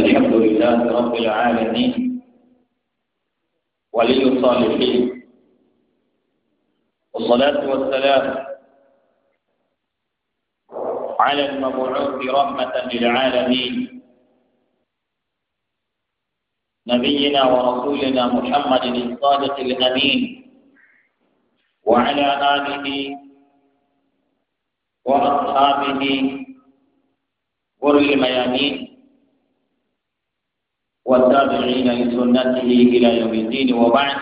الحمد لله رب العالمين ولي الصالحين والصلاة والسلام على المبعوث رحمة للعالمين نبينا ورسولنا محمد الصادق الأمين وعلى آله وأصحابه غر الميامين والتابعين لسنته إلى يوم الدين وبعد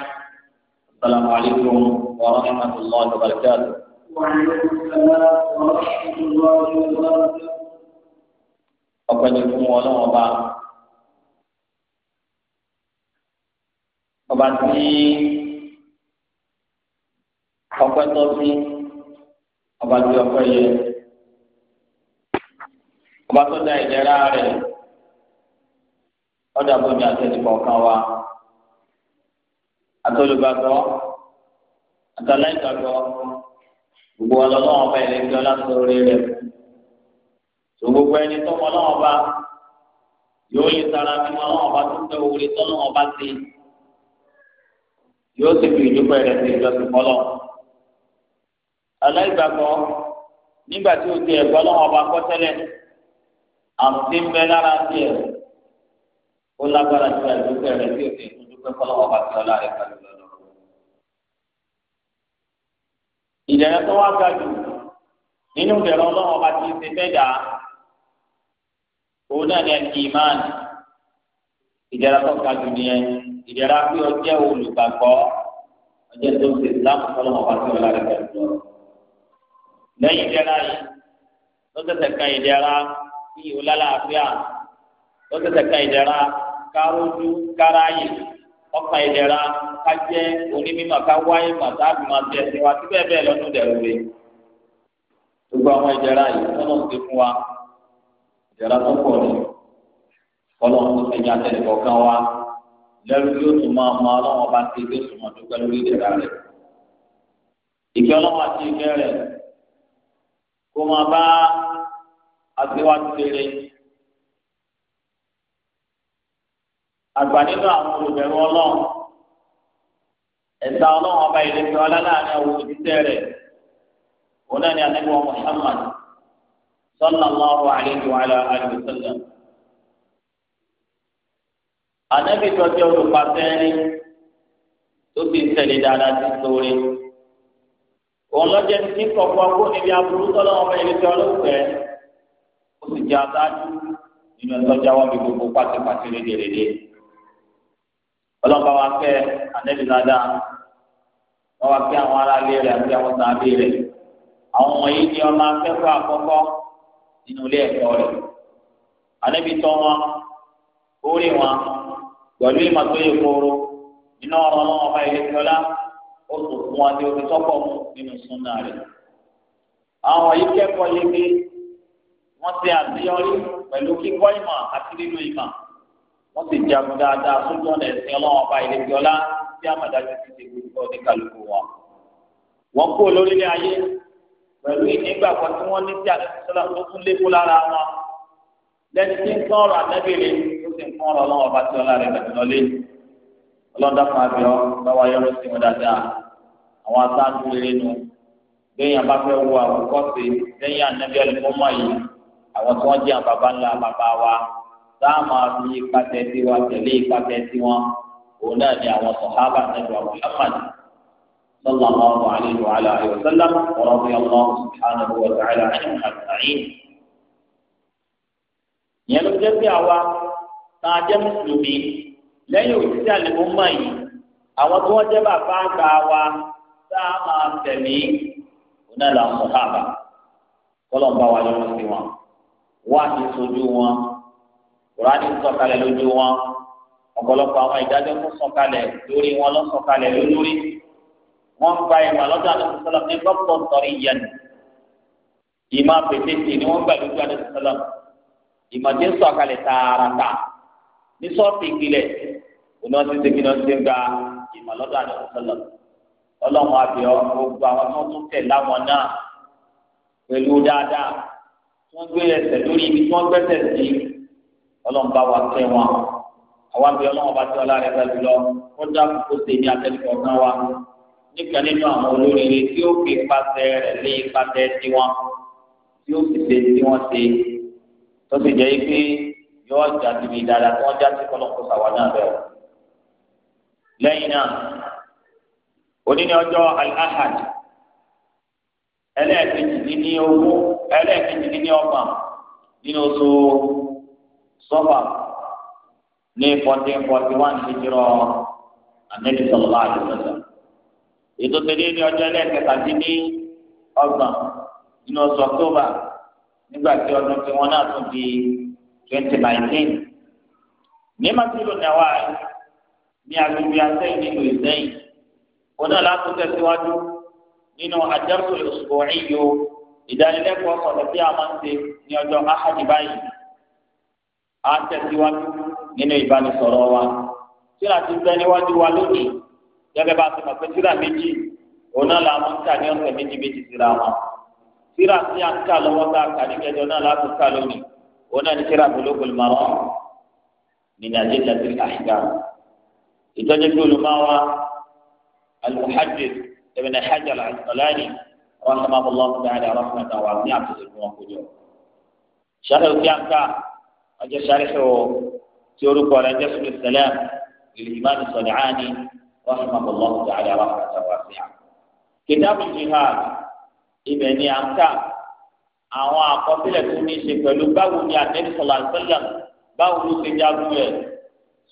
السلام عليكم ورحمة الله وبركاته وعليكم السلام ورحمة الله وبركاته ọpẹ́ ni fún Ọlọ́run ọba ọba tí ọpẹ́ tọ́ sí ọba tí ọpẹ́ yẹ ọba ọdọ àbómi àtẹnìkọ kan wa àtọlùgbàgbọ́ àtàláìgbàgbọ́ gbogbo ọlọ́wọ́ ọba ìrèké ọlásọ̀rọ̀ rẹ̀ tó gbogbo ẹni tó mọ ọlọ́wọ́ ọba yóò lè tara mímọ ọlọ́wọ́ ọba tó ń tẹ òwúrẹ́ tọ́lọ́wọ́ ọba sí yóò sì fi ìdúpọ̀ rẹ̀ sí ìjọsìn fọlọ́ aláìgbàgbọ́ nígbà tí o ti ẹ̀gbọ́ ọlọ́wọ́ ọba kọ́ tẹ́lẹ̀ àti ń bẹ lára tiẹ̀ ó lágbára ju àdúgbò rẹ tí o fi ń dúpẹ́ kọ́lọ́wọ́ bá ti ọlá rẹ pẹ̀lú lọ́dọ̀. ìdẹ̀rẹ̀ tó wá ga jù nínú ìdẹ̀rẹ̀ ọlọ́wọ́ bá ti ṣe fẹ́ dà òun náà ní ẹ̀kí ìmáàní ìdẹ̀rẹ̀ tó ga jù nìyẹn ìdẹ̀rẹ̀ pé ó jẹ́ olùgbàgbọ́ ọjọ́ tó ń ṣe ìsìlámù kọ́lọ́wọ́ bá ti ọlá rẹ pẹ̀lú lọ́dọ̀. lẹ́yìn ìdẹ̀rẹ̀ yìí ló tẹ̀sẹ̀ kan ìdẹ̀rẹ̀ bí ìwúlálàáfíà ló tẹ̀sẹ̀ kan ìdẹ̀rẹ̀ karójú káráyè ọkàn ìdẹ̀ra kájẹ́ onímọ̀ káwáyé màtá àbímọ̀tì ẹ̀sìn wa síbẹ̀ bẹ́ẹ̀ lọ́dún dẹ̀rù rẹ̀ gbogbo àwọn ìdẹ̀ra yìí tọ́lọ̀ ń ti fún wa ìdẹ̀ra tó pọ̀ ní kọ́lọ̀ ń ti yàn tẹ̀lé kọ̀ọ̀kan wa lẹ́rú yóò tún máa mọ ọlọ́wọ́n bá ti gbé sùnmọ́ tó pẹ́ lórí ìdẹ̀ra rẹ̀ ìkẹ́ ọlọ́wọ́n àti ìkẹ́ rẹ̀ kó máa bá aṣíwájú rere àgbà nínú àwọn olùbẹ̀rù ọlọ́run ẹ̀sà ọlọ́run ọba ìrẹsì ọlá láàrin àwọn òṣìṣẹ́ rẹ̀ òun náà ni ànábì wa Muhammad sallallahu alayhi wa alayhi wa sallam. ànábì tó jẹ́ olùpàtẹ́rì tó ti ń tẹ̀lé dáadáa ti sóore òun lọ́jọ́ ti kọ̀ọ̀kan kó níbi aburú tọ́lọ́run ọba ìrẹsì ọlọ́fẹ́ ó sì jẹ́ aṣáájú nínú ẹ̀tọ́ jáwọ́ mi gbogbo pátipátí lédèrèdè ọlọ́pàá wa fẹ́ ànẹ́bí dáadáa wọ́n wá fẹ́ àwọn aráalé rẹ̀ àti àwọn sàábì rẹ̀ àwọn wọ̀nyí ni ọmọ akẹ́kọ̀ọ́ àkọ́kọ́ nínú ilé ẹ̀kọ́ rẹ̀ ànẹ́bí tọ́ wọn orí wọn pẹ̀lú ìmọ̀ tó yẹ kóró iná ọ̀rọ̀ náà ọba ilé fiọ́lá ó tó fún wọn ní omi tọ́pọ̀ mu nínú súnà rẹ̀ àwọn wọ̀nyí kẹ́kọ̀ọ́ yege wọ́n ti àṣeyọrí pẹ̀lú kíkọ́ ìmọ̀ àti lílo ìmọ̀ wọ́n sì jagun dáadáa sójú ọ̀nà ẹ̀sìn ọlọ́wọ́n ọba ilé fi ọlá tí àmàdájú ti ṣe gbogbo ní kálukú wọn. wọ́n kú olórílẹ̀ ayé pẹ̀lú ìnígbàgbọ́ tí wọ́n ní sí àdéhùsọ́lá tó tún lékún lára wọn lẹ́ni tí ń kọ́ ọ̀rọ̀ àtẹ́bìrì tó sì ń kọ́ ọ̀rọ̀ ọlọ́wọ́n ọba tí ọlá rẹ̀ gbẹ̀dẹ̀ lọ́lé ọlọ́dà kan àbíọ́ báwa yọrọ sí wọn dáadáa àwọn aṣáájú rere nu lẹ́yìn sáàmà fi ipa tẹ̀sí wa tẹ̀lé ipa tẹ̀sí wọn òun náà ni àwọn sọ̀hábà nẹ́bí wa Muhammad sallallahu alayhi wa alayhi wa sallam wa radiyallahu subhanahu wa ta'ala anhu ajma'in. ìyẹn ló jẹ́ sí àwa tá a jẹ́ mùsùlùmí lẹ́yìn òṣìṣẹ́ àlùmọ́ yìí àwọn tí wọ́n jẹ́ bàbá àgbà wa sáàmà tẹ̀mí òun náà làwọn sọ̀hábà kọ́lọ̀ ń bá wa lọ́wọ́ sí wọn wá ti sojú wọn kùránì sọ̀kalẹ̀ lójú wọn ọ̀pọ̀lọpọ̀ àwọn ìdájọ́ tó sọ̀kalẹ̀ lórí wọn lọ sọ̀kalẹ̀ lórí wọn gba ìmọ̀ lọ́dọ̀ àdókò sọlọ ní gbọ́pọ̀ sọ̀rí yẹn ìmọ̀ pètètè ni wọ́n gbà lójú àdókò sọlọ ìmọ̀ tí ń sọ̀kalẹ̀ tààràtà ní sọ́ọ̀tì ìpìlẹ̀ òun náà ti ṣe kí náà ti ń gba ìmọ̀ lọ́dọ̀ àdókò sọlọ ọlọ́run àbíọ́ gbogbo àwọn tó tún tẹ̀ láwọn náà pẹ̀lú dáadáa wọ́n gbé ẹsẹ̀ lórí ibi tí wọ́n gbẹ́sẹ̀ sí ọlọ́run bá wa kẹ́ wọn àwa bí ọlọ́run bá ti ọlá rẹ̀ pẹ̀lú lọ ó dáàbò kó ṣe ní atẹ́lẹ́kọ̀ọ́ kan wa níkan nínú àwọn olóríire tí ó fi pàṣẹ rẹ̀ lé pàṣẹ tiwọn tí ó fi ṣe tí wọ́n ṣe tó sì jẹ́ pé yọ jáde bíi dáadáa tí wọ́n já sí kọ́lọ́kọ́ sàwà náà bẹ́ẹ̀ o. lẹ́yìn náà oníní ọjọ́ al-ahad ẹlẹ́ẹ̀kejì ní ní ogún ẹlẹ́ẹ̀kejì ní ní ọgbọ̀n nínú oṣù sọ́bà ní fourteen forty one hijrọ anabi sallallahu alaihi wasallam ètò tẹ̀lé ní ọjọ́ ẹlẹ́ẹ̀kẹta dín ní ọgbọ̀n nínú oṣù october nígbà tí ọdún tí wọ́n náà tún di twenty nineteen ní masiru nàwa ní agbègbè asẹ́yìn nínú ìsẹ́yìn wọn náà láti tẹ̀síwájú nínú àjẹkù ìṣòwò ìyó ìdánilẹ́kọ̀ọ́ sọ̀tọ̀ tí a máa ń ṣe ní ọjọ́ ahadi báyìí a tẹ̀síwájú nínú ìbánisọ̀rọ̀ wa tíra ti bẹ níwájú wa lónìí gẹ́gẹ́ bá a ti mọ̀ pé tíra méjì òun náà la máa ń kà ní ọ̀sẹ̀ méjì méjì síra wọn tíra tí a ń kà lọ́wọ́ tá a kà ní kẹjọ náà láti kà lónìí òun náà ní tíra Bulughul Maram min adillatil ahkam ìtọ́jú pé olùmọ́wá al-muhaddith ibn Hajar al-Asqalani rahimahullah ta'ala rahmatan wa ní àtúnṣe fún wọn kó jọ. sáré òkè àǹkà ọjọ́ sáré o tí orúkọ rẹ̀ jẹ́ sùnú sẹlẹm ìlìmánu sọdẹ̀áni rahimahullah ta'ala rahmatan wasi'a. kìtàbù jihad ibẹ̀ ni à ń kà àwọn àkọsílẹ̀ tó ní í ṣe pẹ̀lú báwo ni àtẹ́bí sọlá sẹlẹ báwo ló ṣe jagun rẹ̀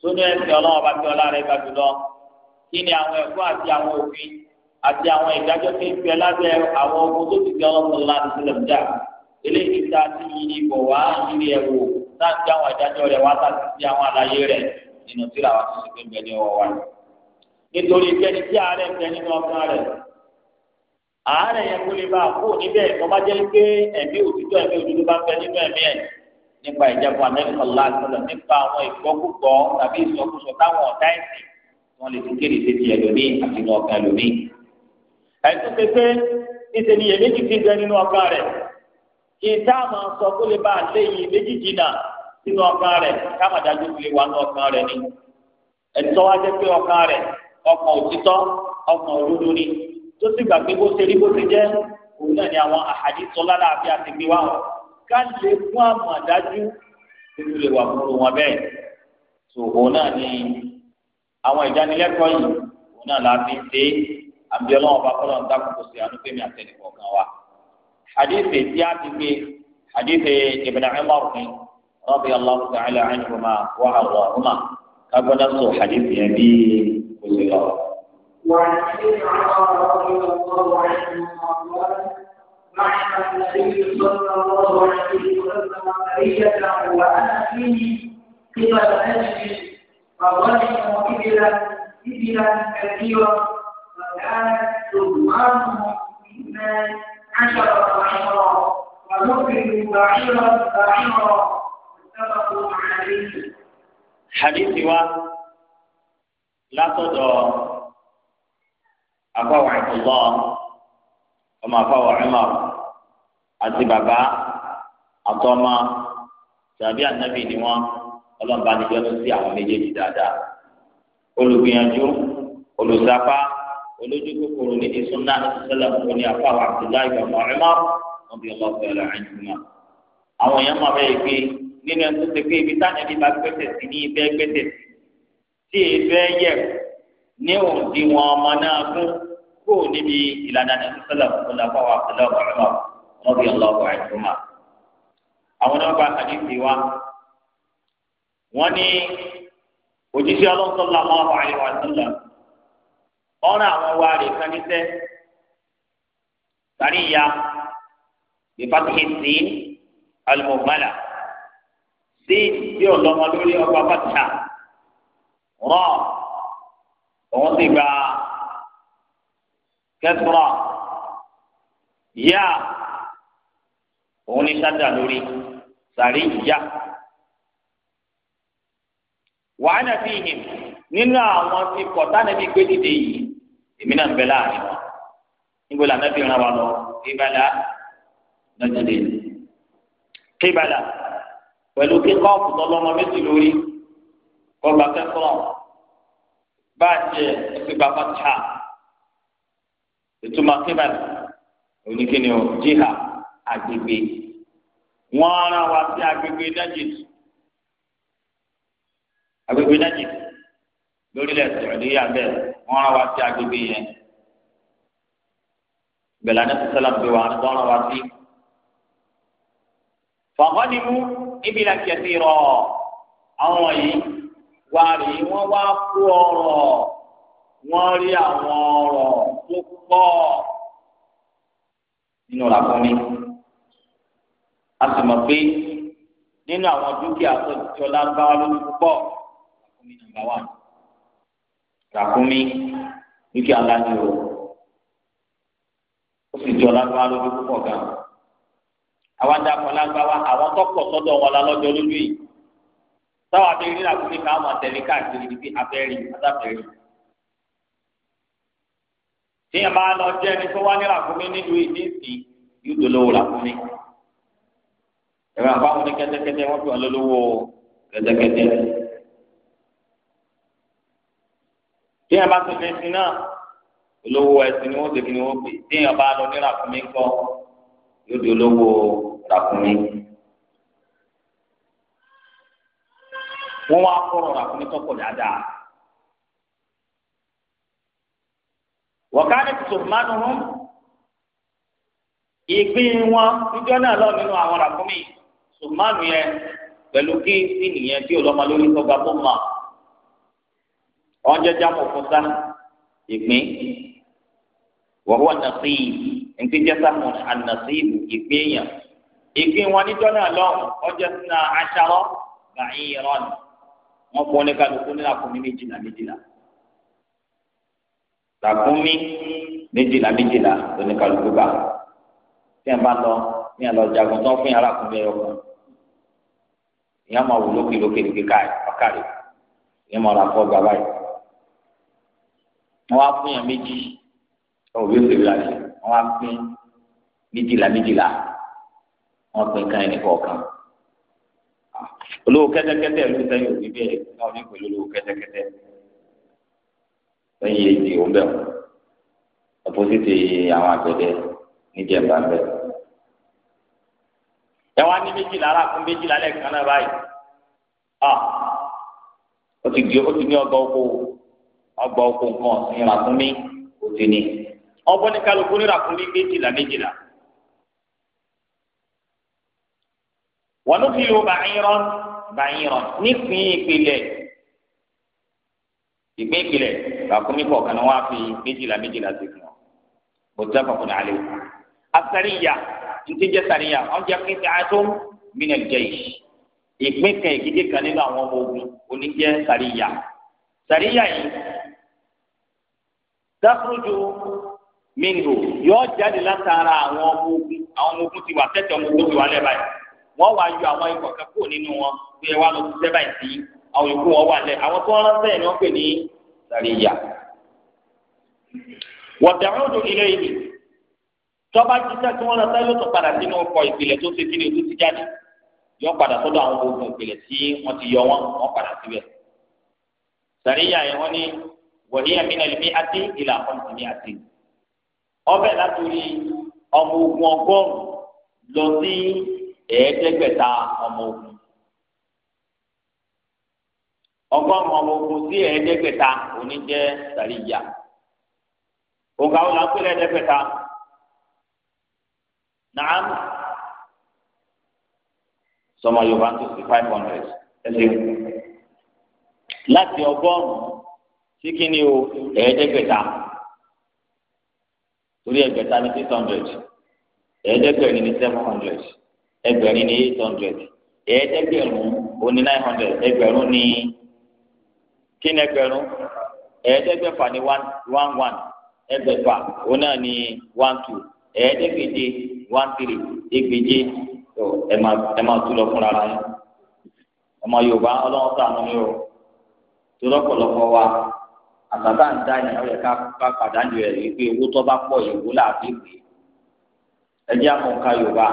sónú ẹ̀sìn ọlọ́wọ́ bá ti ọlá rẹ̀ gbà jùlọ kí ni àwọn ẹ̀kọ́ àti àwọn òfin àti àwọn ìdájọ́ tó ń bẹ lábẹ́ àwọn ogun tó ti fi ọlọ́sọ̀lá sílẹ̀ dá eléyìí tá ti yí ibò wá yí ẹ̀wò náà ti àwọn ìdájọ́ rẹ̀ wá sáà sí àwọn àlàyé rẹ̀ nínú tíra wa ti ṣe pé ń bẹ ní ọwọ́ wa nítorí kẹ́ni tí àárẹ̀ ń bẹ nínú ọkàn rẹ̀ àárẹ̀ yẹn kó lè bá a kó níbẹ̀ tó bá jẹ́ pé ẹ̀mí òtítọ́ ẹ̀mí òdodo bá ń bẹ nínú ẹ̀mí ẹ̀ nípa ìjẹ́bù amẹ́ríkà lásìlọ nípa àwọn ẹ̀sùn pé pé níṣẹ́ ni iyèméjì ti ń bẹ nínú ọkàn rẹ̀ ìta máa sọ kó lè bá a léyìn méjì jìnnà sínú ọkàn rẹ̀ káma dájú lè wà ní ọkàn rẹ̀ ni ẹ̀tọ́ wa jẹ́ pé ọkàn rẹ̀ ọkàn òtítọ́ ọkàn òdodo ni tó sì gbàgbé bó ṣe rí bó ṣe jẹ́ òun náà ni àwọn àhàdí sọ lálẹ́ àfi àtìgbé wa wọn ká lè fún àmọ̀dájú tó lè wà fún wọn bẹ́ẹ̀ tó òun náà ni àwọn ìdánilẹ́kọ̀ọ́ yìí òun náà la ṣe àbí bá kọ́lọ́ ń dákòókò sí àánú mi àtẹnìkọ̀ọ̀kan wa hadithi tí a ti gbé hadithi ibn Umar ni rabi allah ta'ala anhuma wa arwahuma وعن ابن عمر رضي الله عنهما قال بعث النبي صلى الله عليه وسلم برية فيه قبل اجل فظلموا ابلا كثيرا عشرة عشرة ومسلم عشرة عشرة لا تدعو afọwọ àìsùlọ ọmọ afọwọ ẹmọ àti bàbá àtọmọ tàbí ànábì ni wọn ọlọmọba níjọ ló sí àwọn méjèèjì dáadáa olùgbìyànjú olùsápá olójú kòkòrò ní ìsúná sẹlẹm kò ní afáwà abdullahi ibn Umar ọbẹ ọlọpẹlẹ àjùmọ. àwọn èèyàn máa bẹ̀rẹ̀ pé nínú ẹni tó ti pé ibi táwọn ẹni bá gbẹ́sẹ̀ sí ní ibẹ̀ gbẹ́sẹ̀ sí tí ìfẹ́ yẹ ní òǹdíwọ̀n ọmọ náà gún kó níbi ìlànà sẹlẹm kò ní afáwà abdullahi ibn Umar ọbẹ wa wọ́n ní òjíṣẹ́ ọlọ́sọ̀lá máa wà ní náà ọ̀ràn àwọn wa rè kan níṣẹ́ sàríya ìfàkìhì sí alimọ̀gbálà sí tí ọlọ́mọ lórí ọgbà bàtà rọ òun ti gba kẹsùrọ yá òun ní sádà lórí sàríya wàhánà fìhìn nínú àwọn tí kọ̀tánà bí gbé dìde yìí èmi náà ń bẹ láàrin wọn níbo la nàbí ràn wá lọ kébàlà nàjèlè kébàlà pẹ̀lú kíkọ́ ọ̀pọ̀tọ́ lọ́mọ méjì lórí kọba kẹ́kọ̀ọ́ bá a jẹ ẹsẹ̀ bàbá tà ìtumọ̀ kébàlà oníkíni o jíhà agbègbè wọn ara wa sí agbègbè Najd agbègbè Najd lórílẹ̀ Saudi bẹ́ẹ̀ wọ́n rán wa sí agbègbè yẹn bẹ̀lẹ́ ní sísẹ́lá gbé wa wọ́n rán wa sí. fọ̀kọ́ ni mú ibi la kẹ̀sì rọ̀ àwọn yìí wà rí wọ́n wá kú ọ̀rọ̀ wọ́n rí àwọn ọ̀rọ̀ tó pọ̀ nínú làkúnmí a sì mọ̀ pé nínú àwọn dúkìá tó jọ lágbára lórí púpọ̀ làkúnmí nàmbà wà ní ràkúnmí dúkìá ńlá ni o ó sì jọ lágbára lójú púpọ̀ gan àwọn adakọ̀ lágbára àwọn tọkọ̀ sọ́dọ̀ wọn la lọ́jọ́ lójú yìí táwọn abẹ́rẹ́ rí ràkúnmí káwọn àtẹ̀lé káàkiri ní bí abẹ́rẹ́ adábẹ́rẹ́ tíyẹn bá lọ jẹ́ ẹni tó wá ní ràkúnmí nílùú ìdíìsì yóò dolówó ràkúnmí ẹ̀rọ àbáwọn ní kẹ́tẹ́kẹ́tẹ́ wọ́n fi wọn lólówó kẹ́tẹ́kẹ́tẹ́. téèyàn bá tún lè sin náà olówó ẹsìn ni wọ́n tẹbi ni wọ́n pè téèyàn bá lọ ní ràkúnmí kọ yóò di olówó ràkúnmí. wọ́n wá kọrọ ràkúnmí tọkọ dáadáa. wọ̀kánì tòmánu hàn ìpín wọn níjọ́ náà lọ nínú àwọn ràkúnmí tòmánu yẹn pẹ̀lú kí sí nìyẹn tí olọ́mọ lórí sọ́gbà tó mọ̀ wọn jẹ jámọ fúnta ìpín wọ́n wọ́n nàṣí ìpín jẹ́ sáfù ànàṣí ìpín èèyàn ìpín wọn níjọ́ náà lọ ọjọ́ sínú aṣáró bàyìn ìrọ̀n wọn fún ní kálukú ní làkúnmí méjìlá méjìlá làkúnmí méjìlá méjìlá lóní kálukú bá tí wọn bá lọ ní àlọ jagun tán fún yàrá kúnlẹ̀ ọkùn ìyá máa wò lókè lókè lókè káàkiri ìyá máa rà fọ́ gbàgbà yìí wọn wá pín yàn méjì wọn ò bí òṣèlú la ṣe wọn wá pín méjìlá méjìlá wọn pín kan ẹni kọ̀ọ̀kan olówó kẹ́tẹ́kẹ́tẹ́ ló sẹ́yìn òbí bẹ́ẹ̀ náà ní pẹ̀lú olówó kẹ́tẹ́kẹ́tẹ́ lẹ́yìn èdè òun bẹ wọn ọpọsítì àwọn àgbẹ̀dẹ níjẹba bẹ ẹ wá ní méjìlá alákùn méjìlá lẹ́ẹ̀kan náà báyìí ah! ó ti di ọgbà oko ọgbà oko nǹkan ọ̀sìn ràkúnmí òtí ni ọgbọ́n ní kálukú ní ràkúnmí méjìlá méjìlá. wọn ló fi lo bàyìnrán bàyìnrán nípìn ìpìlẹ̀ ìpín ìpìlẹ̀ ràkúnmí kọ̀ọ̀kan ni wọ́n á fi méjìlá méjìlá sí fún ọ bòtá kọ̀ọ̀kan àlè asariya ntí jẹ sariya wọn jẹ kí n ti àtó min al-jaysh ìpín kan ìkíkí kan nínú àwọn ọmọ ogun oníjẹ sariya sariya yìí. dákúrójú mingo yọọ jáde látara àwọn ọmọ ogun àwọn ọmọ ogun ti wà tẹ́tẹ́ ọmọ ogun ti wà lẹ́ẹ̀ wọn wọ́n wá yọ àwọn ikọ̀ kan nínú wọn pé wá lọ ṣiṣẹ́ báyìí sí àwọn ìkú wọn wà àwọn tó ń ni pè ní sàríyà. wọ̀dàrún odò ilé yìí tọ́ba wọ́n padà sínú ọkọ̀ ìpìlẹ̀ àwọn ogun ìpìlẹ̀ tí wọ́n ti yọ wọn wọ́n padà wọ̀nyí àmìnà lèmi àti ìlà ọ̀nàmì àti. ọbẹ̀ látòrí ọmọ ogun ọgọ́rùn-ún lọ sí ẹ̀ẹ́dẹ́gbẹ̀ta ọmọ ogun. ọgọ́rùn-ún ọmọ ogun sí ẹ̀ẹ́dẹ́gbẹ̀ta òní jẹ́ sàríyà. òǹkà wọn là ń pè lẹ́ẹ̀dẹ́gbẹ̀ta. nàám sọmọ yorùbá tó sí five hundred. láti ọgọ́rùn-ún. sí o ẹ̀ẹ́dẹ́gbẹ̀ta torí ẹgbẹ̀ta ní six hundred ẹ̀ẹ́dẹ́gbẹ̀rin ní seven hundred ẹgbẹ̀rin ní eight hundred ẹ̀ẹ́dẹ́gbẹ̀rún ó ní nine hundred ẹgbẹ̀rún ní ni ẹgbẹ̀rún ẹ̀ẹ́dẹ́gbẹ̀fà ní one one ẹgbẹ̀fà ó náà one two one three ẹ máa ẹ máa lọ àgbàbà ń dá ní ọyẹ ká bá pàdánù rẹ wípé owó tó bá pọ̀ ìwó láàbí pé ẹjẹ́ àkànká yorùbá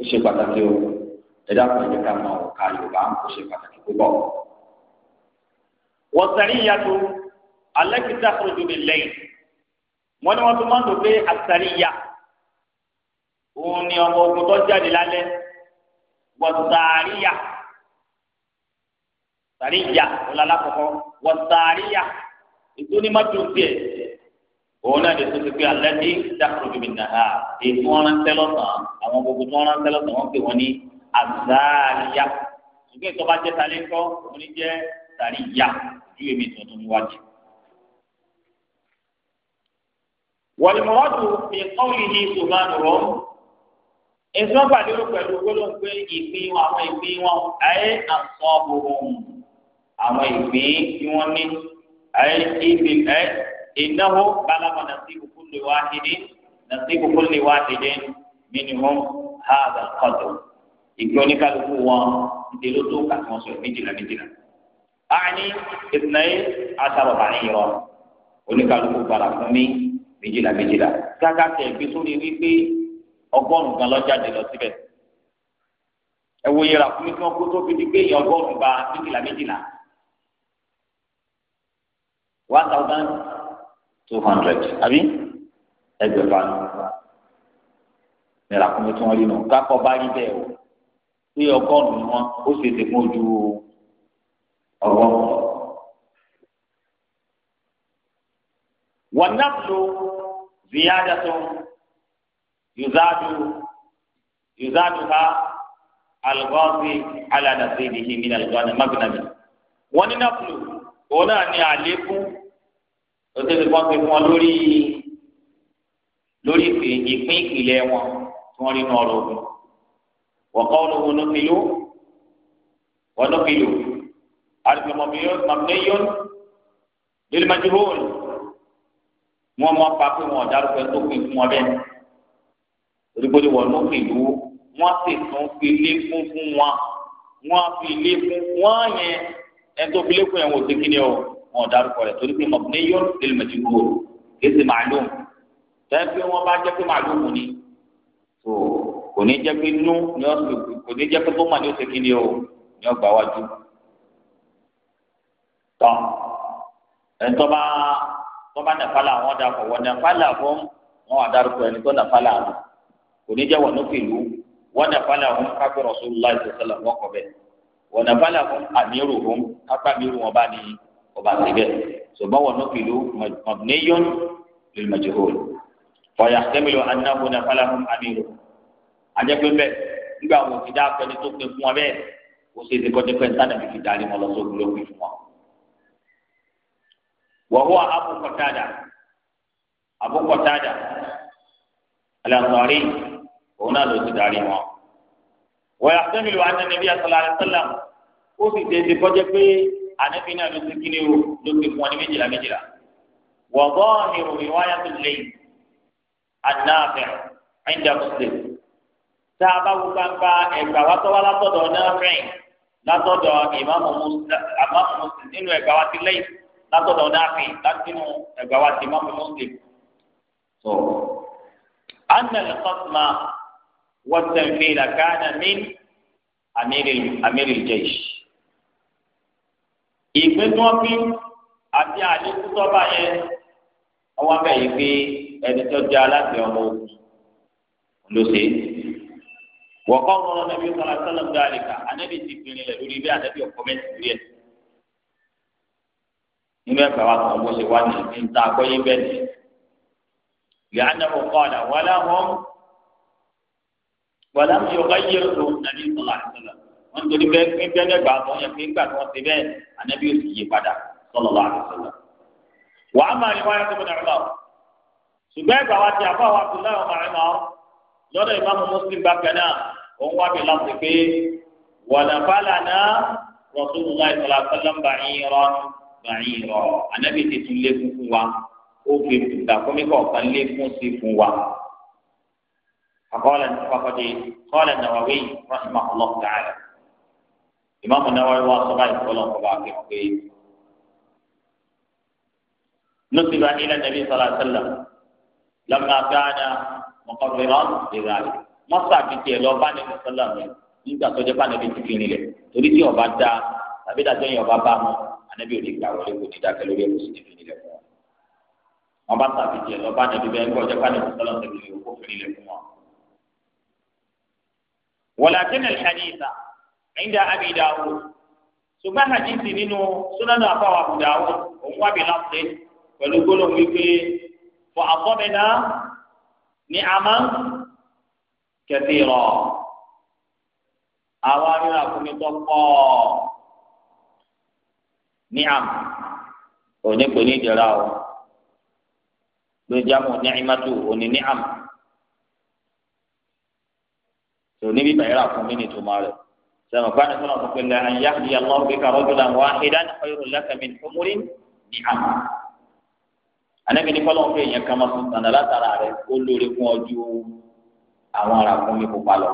ó ṣe pàtàkì o ẹjẹ́ àkànká ká máa ọ̀ka yorùbá ó ṣe pàtàkì púpọ̀. wọ́n sẹ́rí ìyàtọ̀ alẹ́ kìí dákúrò ju mi lẹ́yìn wọ́n ní wọ́n tún máa ń lò pé àtàrí ìyá òun ni ọmọ ogun tó jáde lálẹ́ wọ́n sàárì sàríyà ọlọlá kọkọ wọ sàríyà ìdúnímọdúnfẹ òun náà lè tó ti pé alẹ́ ní dàkúrò bíbí nàá èyí tí wọ́n rántẹ́ lọ́sàn-án àwọn gbogbo tí wọ́n rántẹ́ lọ́sàn-án wọ́n pè wọ́n ní azariya ṣùgbọ́n ìtọ́ba jẹ́ talẹ́ ńkọ́ òun ní jẹ́ sàríyà ju èmi tuntun níwájú. wọ̀lùmọ́ọ́dù ní kọ́ọ̀lì ní sùmánù rọ́ọ̀mù èso gbàdúrà pẹ̀lú gbólóńgbé ìpín àwọn ìpín wọn ayé àsọ̀bù ohun àwọn ìpín tí wọ́n ní ibi ẹ ìnáwó balaba nasibu kulli wahidin nasibu kulli wahidin minhum hadha al-qadr ìpín oníkálukú wọn ìdèló tó kà tí wọ́n sọ méjìlá méjìlá. àní ìtìnáyé aṣàròbà ní irọ́ oníkálukú bara fún mi méjìlá méjìlá káká tẹ̀ gbé sórí wípé ọgọ́rùn-ún gan lọ́jáde lọ síbẹ̀ ẹ̀wòye rà fún mi kí wọ́n kó tó fi di pé ọgọ́rùn ba méjìlá méjìlá one thousand two hundred àbí ẹgbẹ̀fà nira kúmi tí wọ́n rí nù kákọ́ bá rí bẹ́ẹ̀ o pé ọgọ́rùn-ún wọn ó sì ti fún ojú ọgọ́rùn-ún. wọ́n náà lo ziyada tó yuzadu yuzadu ha alugọ́sí alanasi ìdíhìn mi ní alugọ́sí magnami. wọ́n ní náà lo òun náà ní àlékún lọ́sẹ̀ tí wọ́n fi fún ọ lórí lórí ìpín ìpìlẹ̀ wọn tí wọ́n rí nù ọ̀rọ̀ ogun wọ́kọ́ olówó nùfìlú wọ́n nùfìlú àdùgbò mọ̀míyọ́n lórí májúhóòlù wọ́n mọ̀ pa pé wọ́n dárúkọ tó pin fún ọ bẹ́ẹ̀ olùkọ́ni wọ́n nùfìlú wọ́n sì tún fi lékún fún wọn wọ́n fi lékún wọ́n yẹn ẹni tó fi lékún yẹn wò sí ni o wọn dárúkọ rẹ̀ torí pé mabniyun lil majhul kéésì màálùm tẹ́ẹ̀pẹ́ wọn bá jẹ́ pé màálùm ni tó kò ní jẹ́ pé nú ni ó kò ní jẹ́ pé tó mà ní ó ṣe kíni o ni ó gbà wájú. tọ́ ẹni tó bá tó bá nàfàlà wọn dà fọ̀ wọn nàfàlà fún wọn wà dárúkọ ẹni tó nàfàlà wọn kò ní jẹ́ wọn ní fìlú wọn nàfàlà fún kápẹ́ Rasulullah sallallahu alaihi kọ bẹ́ẹ̀ wọn nàfàlà fún àmírù ọba síbẹ̀ ṣùgbọ́n wọn lókè ló mọ̀bìnẹ́yọ́n lè mọ̀jòhó fọyà sẹ́mìlò anáwó náà fọláhùn amírò ajẹ́pẹ́ bẹ́ẹ̀ nígbà wo ti dá pẹ́ni tó pé fún wọn bẹ́ẹ̀ ó ṣe ti kọ́jọ́ pẹ́ni tánà fífi darí wọn lọ sóògùn ló pé fún wọn. wọ̀húwà Abu Qatada Abu Qatada alàǹsọ̀rí òun náà ló ti darí wọn. wọ̀yà sẹ́mìlò anáwó náà ti kọ́jọ́ pé anabi náà ló ti kíni o ló ti fún ọ ní méjìlá méjìlá wà bọ́ọ̀hìrù ìwáyà tó lè anáfẹ́ ẹ̀ńdà muslim tá a bá wo gbangba ẹ̀gbà wa tọ́wá látọ̀dọ̀ náfẹ́ látọ̀dọ̀ ìmáàmù muslim nínú ẹ̀gbà wa ti lẹ́yìn látọ̀dọ̀ náfẹ́ látinú ẹ̀gbà wa ti ìmáàmù muslim. so anna al-qasma wa tanfila kana min amiri amiri al-jaysh ìpín tí wọ́n pín àti àlékún sọ́ba yẹn ọwọ́ abẹ́ yìí pé ẹni tó jẹ́ aláṣẹ ọmọ ogun ló ṣe. wọ́kọ́ rọrùn nàbí sọ̀rọ̀ sọ́lọ̀ gbé àlèkà anábì ti pinnu rẹ̀ lórí bí anábì ọkọ̀ mẹ́tì rí ẹ̀. nínú ẹ̀fẹ̀ wa sọ̀rọ̀ bó ṣe wá ní ìta àgbọ́yé bẹ́ẹ̀ ni. ìyá anábì kọ́ ọ̀dà wọlé wọn wọlé mi yọ̀ọ́ wọn torí bẹ́ẹ̀ pé bẹ́ẹ̀ gbà tó yẹ pé gbà tó wọn ti bẹ́ẹ̀ ànábì yóò sì yí padà sallallahu alaihi wasallam. wà á máa rí wáyé tó bẹ̀rẹ̀ lọ. ṣùgbọ́n ẹgbà wa ti àbá wa tún láwọn ọmọrin náà lọ́dọ̀ ìmáàmù Muslim bákan náà òun wá mi láti pé wàlàfàlà náà Rasulullah sallallahu alaihi wasallam ba'iran ba'iran ànábì ti tún lé fún fún wa ó fi ìdàkúnmíkọ̀ kan lé fún sí fún wa. فقال فقد قال النووي رحمه الله تعالى ìmáàmù Nawawi wá sọ báyìí kọ́ lọ́kọ́ bá kẹ́ pé nùsìbà ilẹ̀ nàbí sàlàsàlà lọ́mọ àgbáàdà mọ̀kànlélọ́ ìlà rẹ̀ wọ́n sàbìtì ẹ̀ lọ bá nàbí sàlà rẹ̀ nígbà tó jẹ́ bá nàbí ti fi nílẹ̀ torí tí ọba dá tàbí dájọ́ yẹn ọba bá mọ́ ànábì ò ní gbà wọlé kò ní dákẹ́ lórí ẹ̀kọ́ sí ti fi nílẹ̀ fún wọn bá sàbìtì ẹ̀ lọ bá nàbí bẹ́ẹ̀ kọ́ jẹ́ bá nàbí sàlà kò fi nílẹ̀ fún wọn. wọ́n inda abi dawud ṣùgbọ́n hadithi nínú sunanu afawa abu dawud òun wà bí lọ́sẹ̀ pẹ̀lú gbólóhùn wípé fọ àfọ́bẹ̀dá ní àmà kẹfì rọ̀ àwa rírà kúmi tó pọ̀ ní àmà òní kò ní ìdíra o lójà mo ní ìmátù òní ní àmà tò níbi bàyẹ̀rà fún mi ní ìtumọ̀ rẹ̀ sọ̀rọ̀ nípa ní sọ̀rọ̀ fún pẹ̀lú an yahdi Allahu bika rajulan wahidan khayrun laka min humurin ni'am. Ànábì ní kọ́lọ́n fún èèyàn kan máa sùn tànà látara rẹ̀ ó lóore fún ọjọ́ àwọn ará fún mi pupa lọ.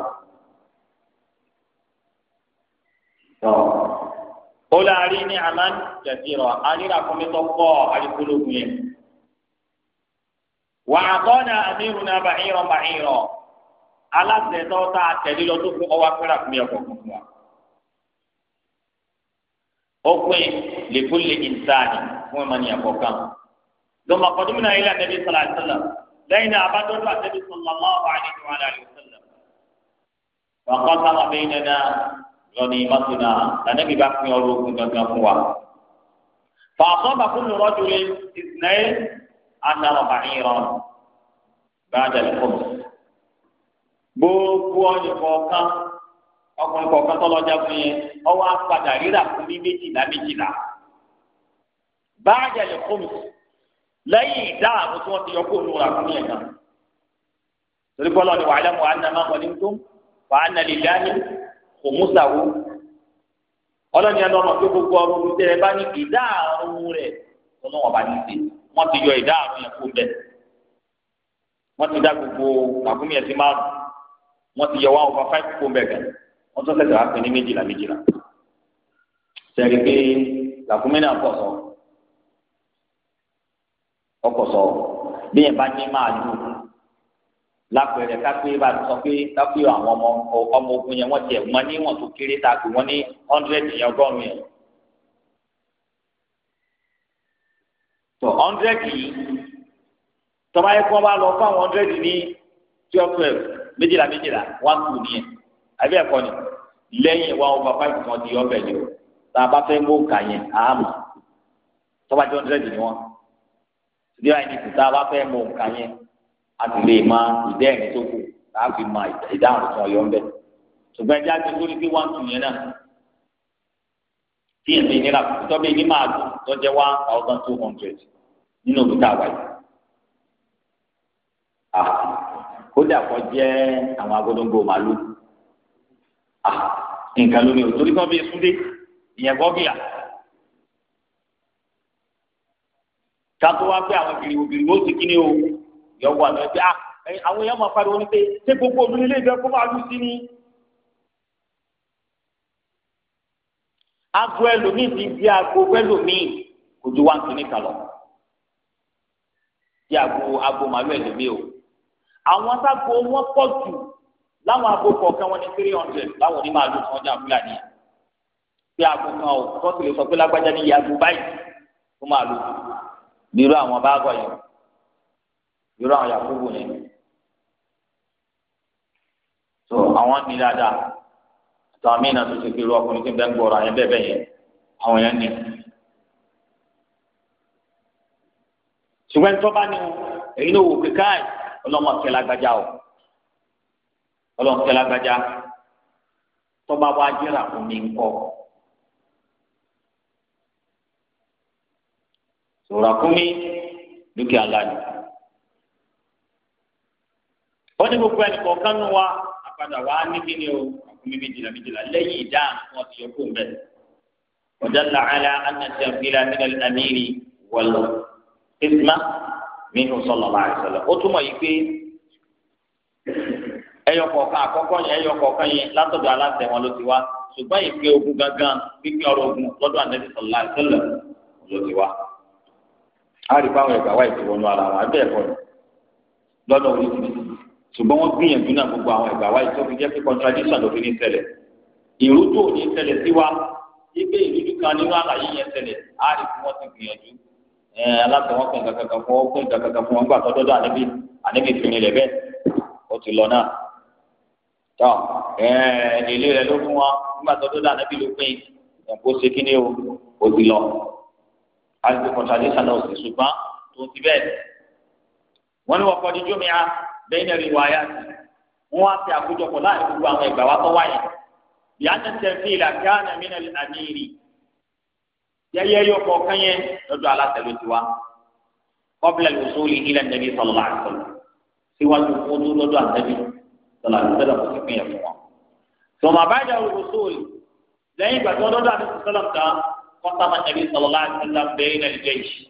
Ó láàárín ní àmán jẹ̀sìrọ̀ àríra fún mi tó pọ̀ àríkúlógún yẹn. Wa atana amiruna ba'iran ba'iran aláṣẹ tó tá a tẹ̀lé lọ tó fún ọwọ́ akẹ́rà fún mi ọkọ̀ fún wa. ó pín lèkún lè ìsáàdì fún ẹ̀mọ́nìyàn kọ̀ọ̀kan. lọ́mọ àkọ́dúnmí náà ilé àtẹ́bí sọ̀rọ̀ àìsílẹ̀ lẹ́yìn náà abájọ́dún àtẹ́bí sọ̀rọ̀ aláwọ̀ àdìsọ̀ àdìsọ̀lẹ̀. wàkọ́ sábà bẹ́ẹ̀ nínú lọ́ni mọ́tòdà lànàbí bá pín ọrọ̀ ogun gangan fún wa. fàṣọ́ bàkúnú rọ́jò lé ìsìnlẹ̀ àtàrọ̀ bàyìn rọ̀ bá dàlẹ́ gbogbo ọyàn kọ̀ọ̀kan ọkùnrin kọ̀ọ̀kan tó lọ́jà fún yẹn ọwọ́ apàdà rírà fún mi méjìlá méjìlá. báyà lè fún mi lẹ́yìn ìdá àwọn tí wọ́n ti yọ kó òun rà fún yẹn kan. torí bọ́lá ni wàhálà mu àná máa wọlé tó wàhálà lè dání kò mú sàwó. ọlọ́ni ẹ̀ lọ́mọ pé gbogbo ọmọ mi tẹ́lẹ̀ bá ní ìdá àrùn rẹ̀ ọlọ́wọ́n bá ní í ṣe ti yọ ìdá yẹn kó bẹ̀. wọ́n ti dá gbogbo àkúmí ẹ̀ sí márùn-ún wọ́n ti yọ one over five kó bẹ́ẹ̀ gan wọ́n tún sẹ̀sẹ̀ wá pín ní méjìlá méjìlá sẹ́ẹ̀rì pé làkúnmí náà kọ̀ sọ ọkọ̀ sọ bí yẹn bá ní máa dùn lápẹẹrẹ kápẹ́ bá sọ pé kápẹ́ àwọn ọmọ ọmọ ogun yẹn wọ́n tiẹ̀ mọ níwọ̀n tó kéré ta pé wọ́n ní hundred yẹn ọgọ́rùn yẹn. tó hundred yìí tọ́ba yẹn kí wọ́n bá lọ fún àwọn hundred ní twelve twelve méjìlá méjìlá one two nìyẹn àbí ẹ̀kọ́ ni lẹ́yìn one over five kan di ọbẹ̀ yìí o tá a bá fẹ́ mú òǹkà yẹn àmọ́ tọ́ba jọ hundred ni wọ́n ṣùgbọ́n àyìn ní tá a bá fẹ́ mú òǹkà yẹn a ti lè mọ ìdẹ́rìn tó kù tá a fi mọ ìdáhùn tó yọ ọ́n bẹ́ẹ̀ ṣùgbọ́n ẹja ti sórí pé one two yẹn náà tí èmi nira tọ́bi ní máa dùn tó jẹ́ one thousand two hundred nínú òkúta wáyé kódà kọ jẹ́ àwọn agolongo Ah, nǹkan lómi ò torí kọ́ bí sunde ìyẹn kọ́ bíyà kátó wá pé àwọn gìrìwò gìrìwò ti kí ni o yọ wà lọ pé ah, àwọn èèyàn máa pariwo ni pé ṣé gbogbo olóyè lè fẹ́ kó màálù sí ni. aago ẹlòmíì ti di aago ẹlòmíì kò ju wá ń kíní kalọ di aago aago màálù ẹlòmíì o àwọn sago wọn pọ̀ jù láwọn aago kọ̀ọ̀kan wọn ní three hundred láwọn onímọ̀ àlù tí wọ́n jẹ́ àbúlà ni pé aago kan ò tọ́sí lè sọ pé lágbájá ní yàgò báyìí tó máa lò bírú àwọn báàgọ̀ yẹn bírú àwọn yakubu yẹn so àwọn ní dáadáa àtàwọn míì náà tó ṣe kiri ọkùnrin tí ń bẹ ń gbọ́ra yẹn bẹ́ẹ̀ bẹ́ẹ̀ yẹn àwọn yẹn ní. ṣùgbọ́n tó bá ní èyí ló wò kíkà ọlọ́mọ kẹlẹ́ agbájá o ọlọ́mọ kẹlẹ́ agbájá tọ́ba wa jẹ́ra fún mi ńkọ́. sọ̀rọ̀ àkúnmí dúkìá ńlá ni. wọ́n ní gbogbo ẹnì kọ̀ọ̀kan nù wa àpàdà wa ní kí ni o àkúnmí méjìlá méjìlá lẹ́yìn ìdáhùn wọn ti yọ fún bẹ́ẹ̀. ọ̀dà làálà ànàtì àfihàn mílẹ̀ àmìrì wọ̀lọ̀ ìsìmá minhu sallallahu alaihi wasallam ó túmọ̀ yìí pé ẹyọkọ̀ọ̀kan àkọ́kọ́ yẹn ẹyọkọ̀ọ̀kan yẹn látọ̀dọ̀ aláṣẹ wọn ló ti wá ṣùgbọ́n ìpè ogun gangan pínpín ọrọ̀ ogun lọ́dọ̀ ànẹ́bí sallallahu alaihi wasallam ló ti wá. a rí báwọn ẹ̀gbà wá ìfowónú ara wọn abẹ́ ẹ̀kọ́ lọ́dọ̀ orí ti ṣùgbọ́n wọ́n gbìyànjú náà gbogbo àwọn ẹ̀gbà wá ìtọ́fi jẹ́ pé contradiction ló fi ní ṣẹlẹ̀ ìrújú ò ní ṣẹlẹ̀ sí wa ibi ìrújú kan nínú àlàyé yẹn ṣẹlẹ̀ a rí fún wọn ti gbìyànjú aláṣẹ wọn pín kankan fún wọn pín kankan fún wọn gbà tó dọdọ àníbi àníbi fìrìn rẹ bẹ́ẹ̀ ó ti lọ náà tọ èlé rẹ ló fún wọn nígbà tó dọdọ àníbi ló pín ẹ̀kọ́ ṣe kí ni o ó ti lọ àti kọ̀tàdéṣà náà sì ṣùgbọ́n tó ti bẹ́ẹ̀ wọn ni wọn kọ́ di jómìá bẹ́ẹ̀ ní ẹ̀rí wáyà wọn wá sí àkójọpọ̀ láàrin gbogbo àwọn ìgbà wa tó wáyà bí yẹyẹ yọ kọ̀ọ̀kan yẹn lọ́dọ̀ aláṣẹ ló ti wá kọ́bílẹ̀ lùsọ́ọ̀lì ilẹ̀ nàbí sọlọ́lá àṣọlù síwájú fótó lọ́dọ̀ àtẹ́bí sọlá àṣọlù kò sí pínyẹ fún wọn. sọmọ àbájá lùsọ́ọ̀lì lẹ́yìn ìgbà tí wọ́n lọ́dọ̀ àtẹ́bí sọlá ta kọ́sàmà nàbí sọlọ́lá àṣọlù bẹ́ẹ̀ nà lùjẹ́ yìí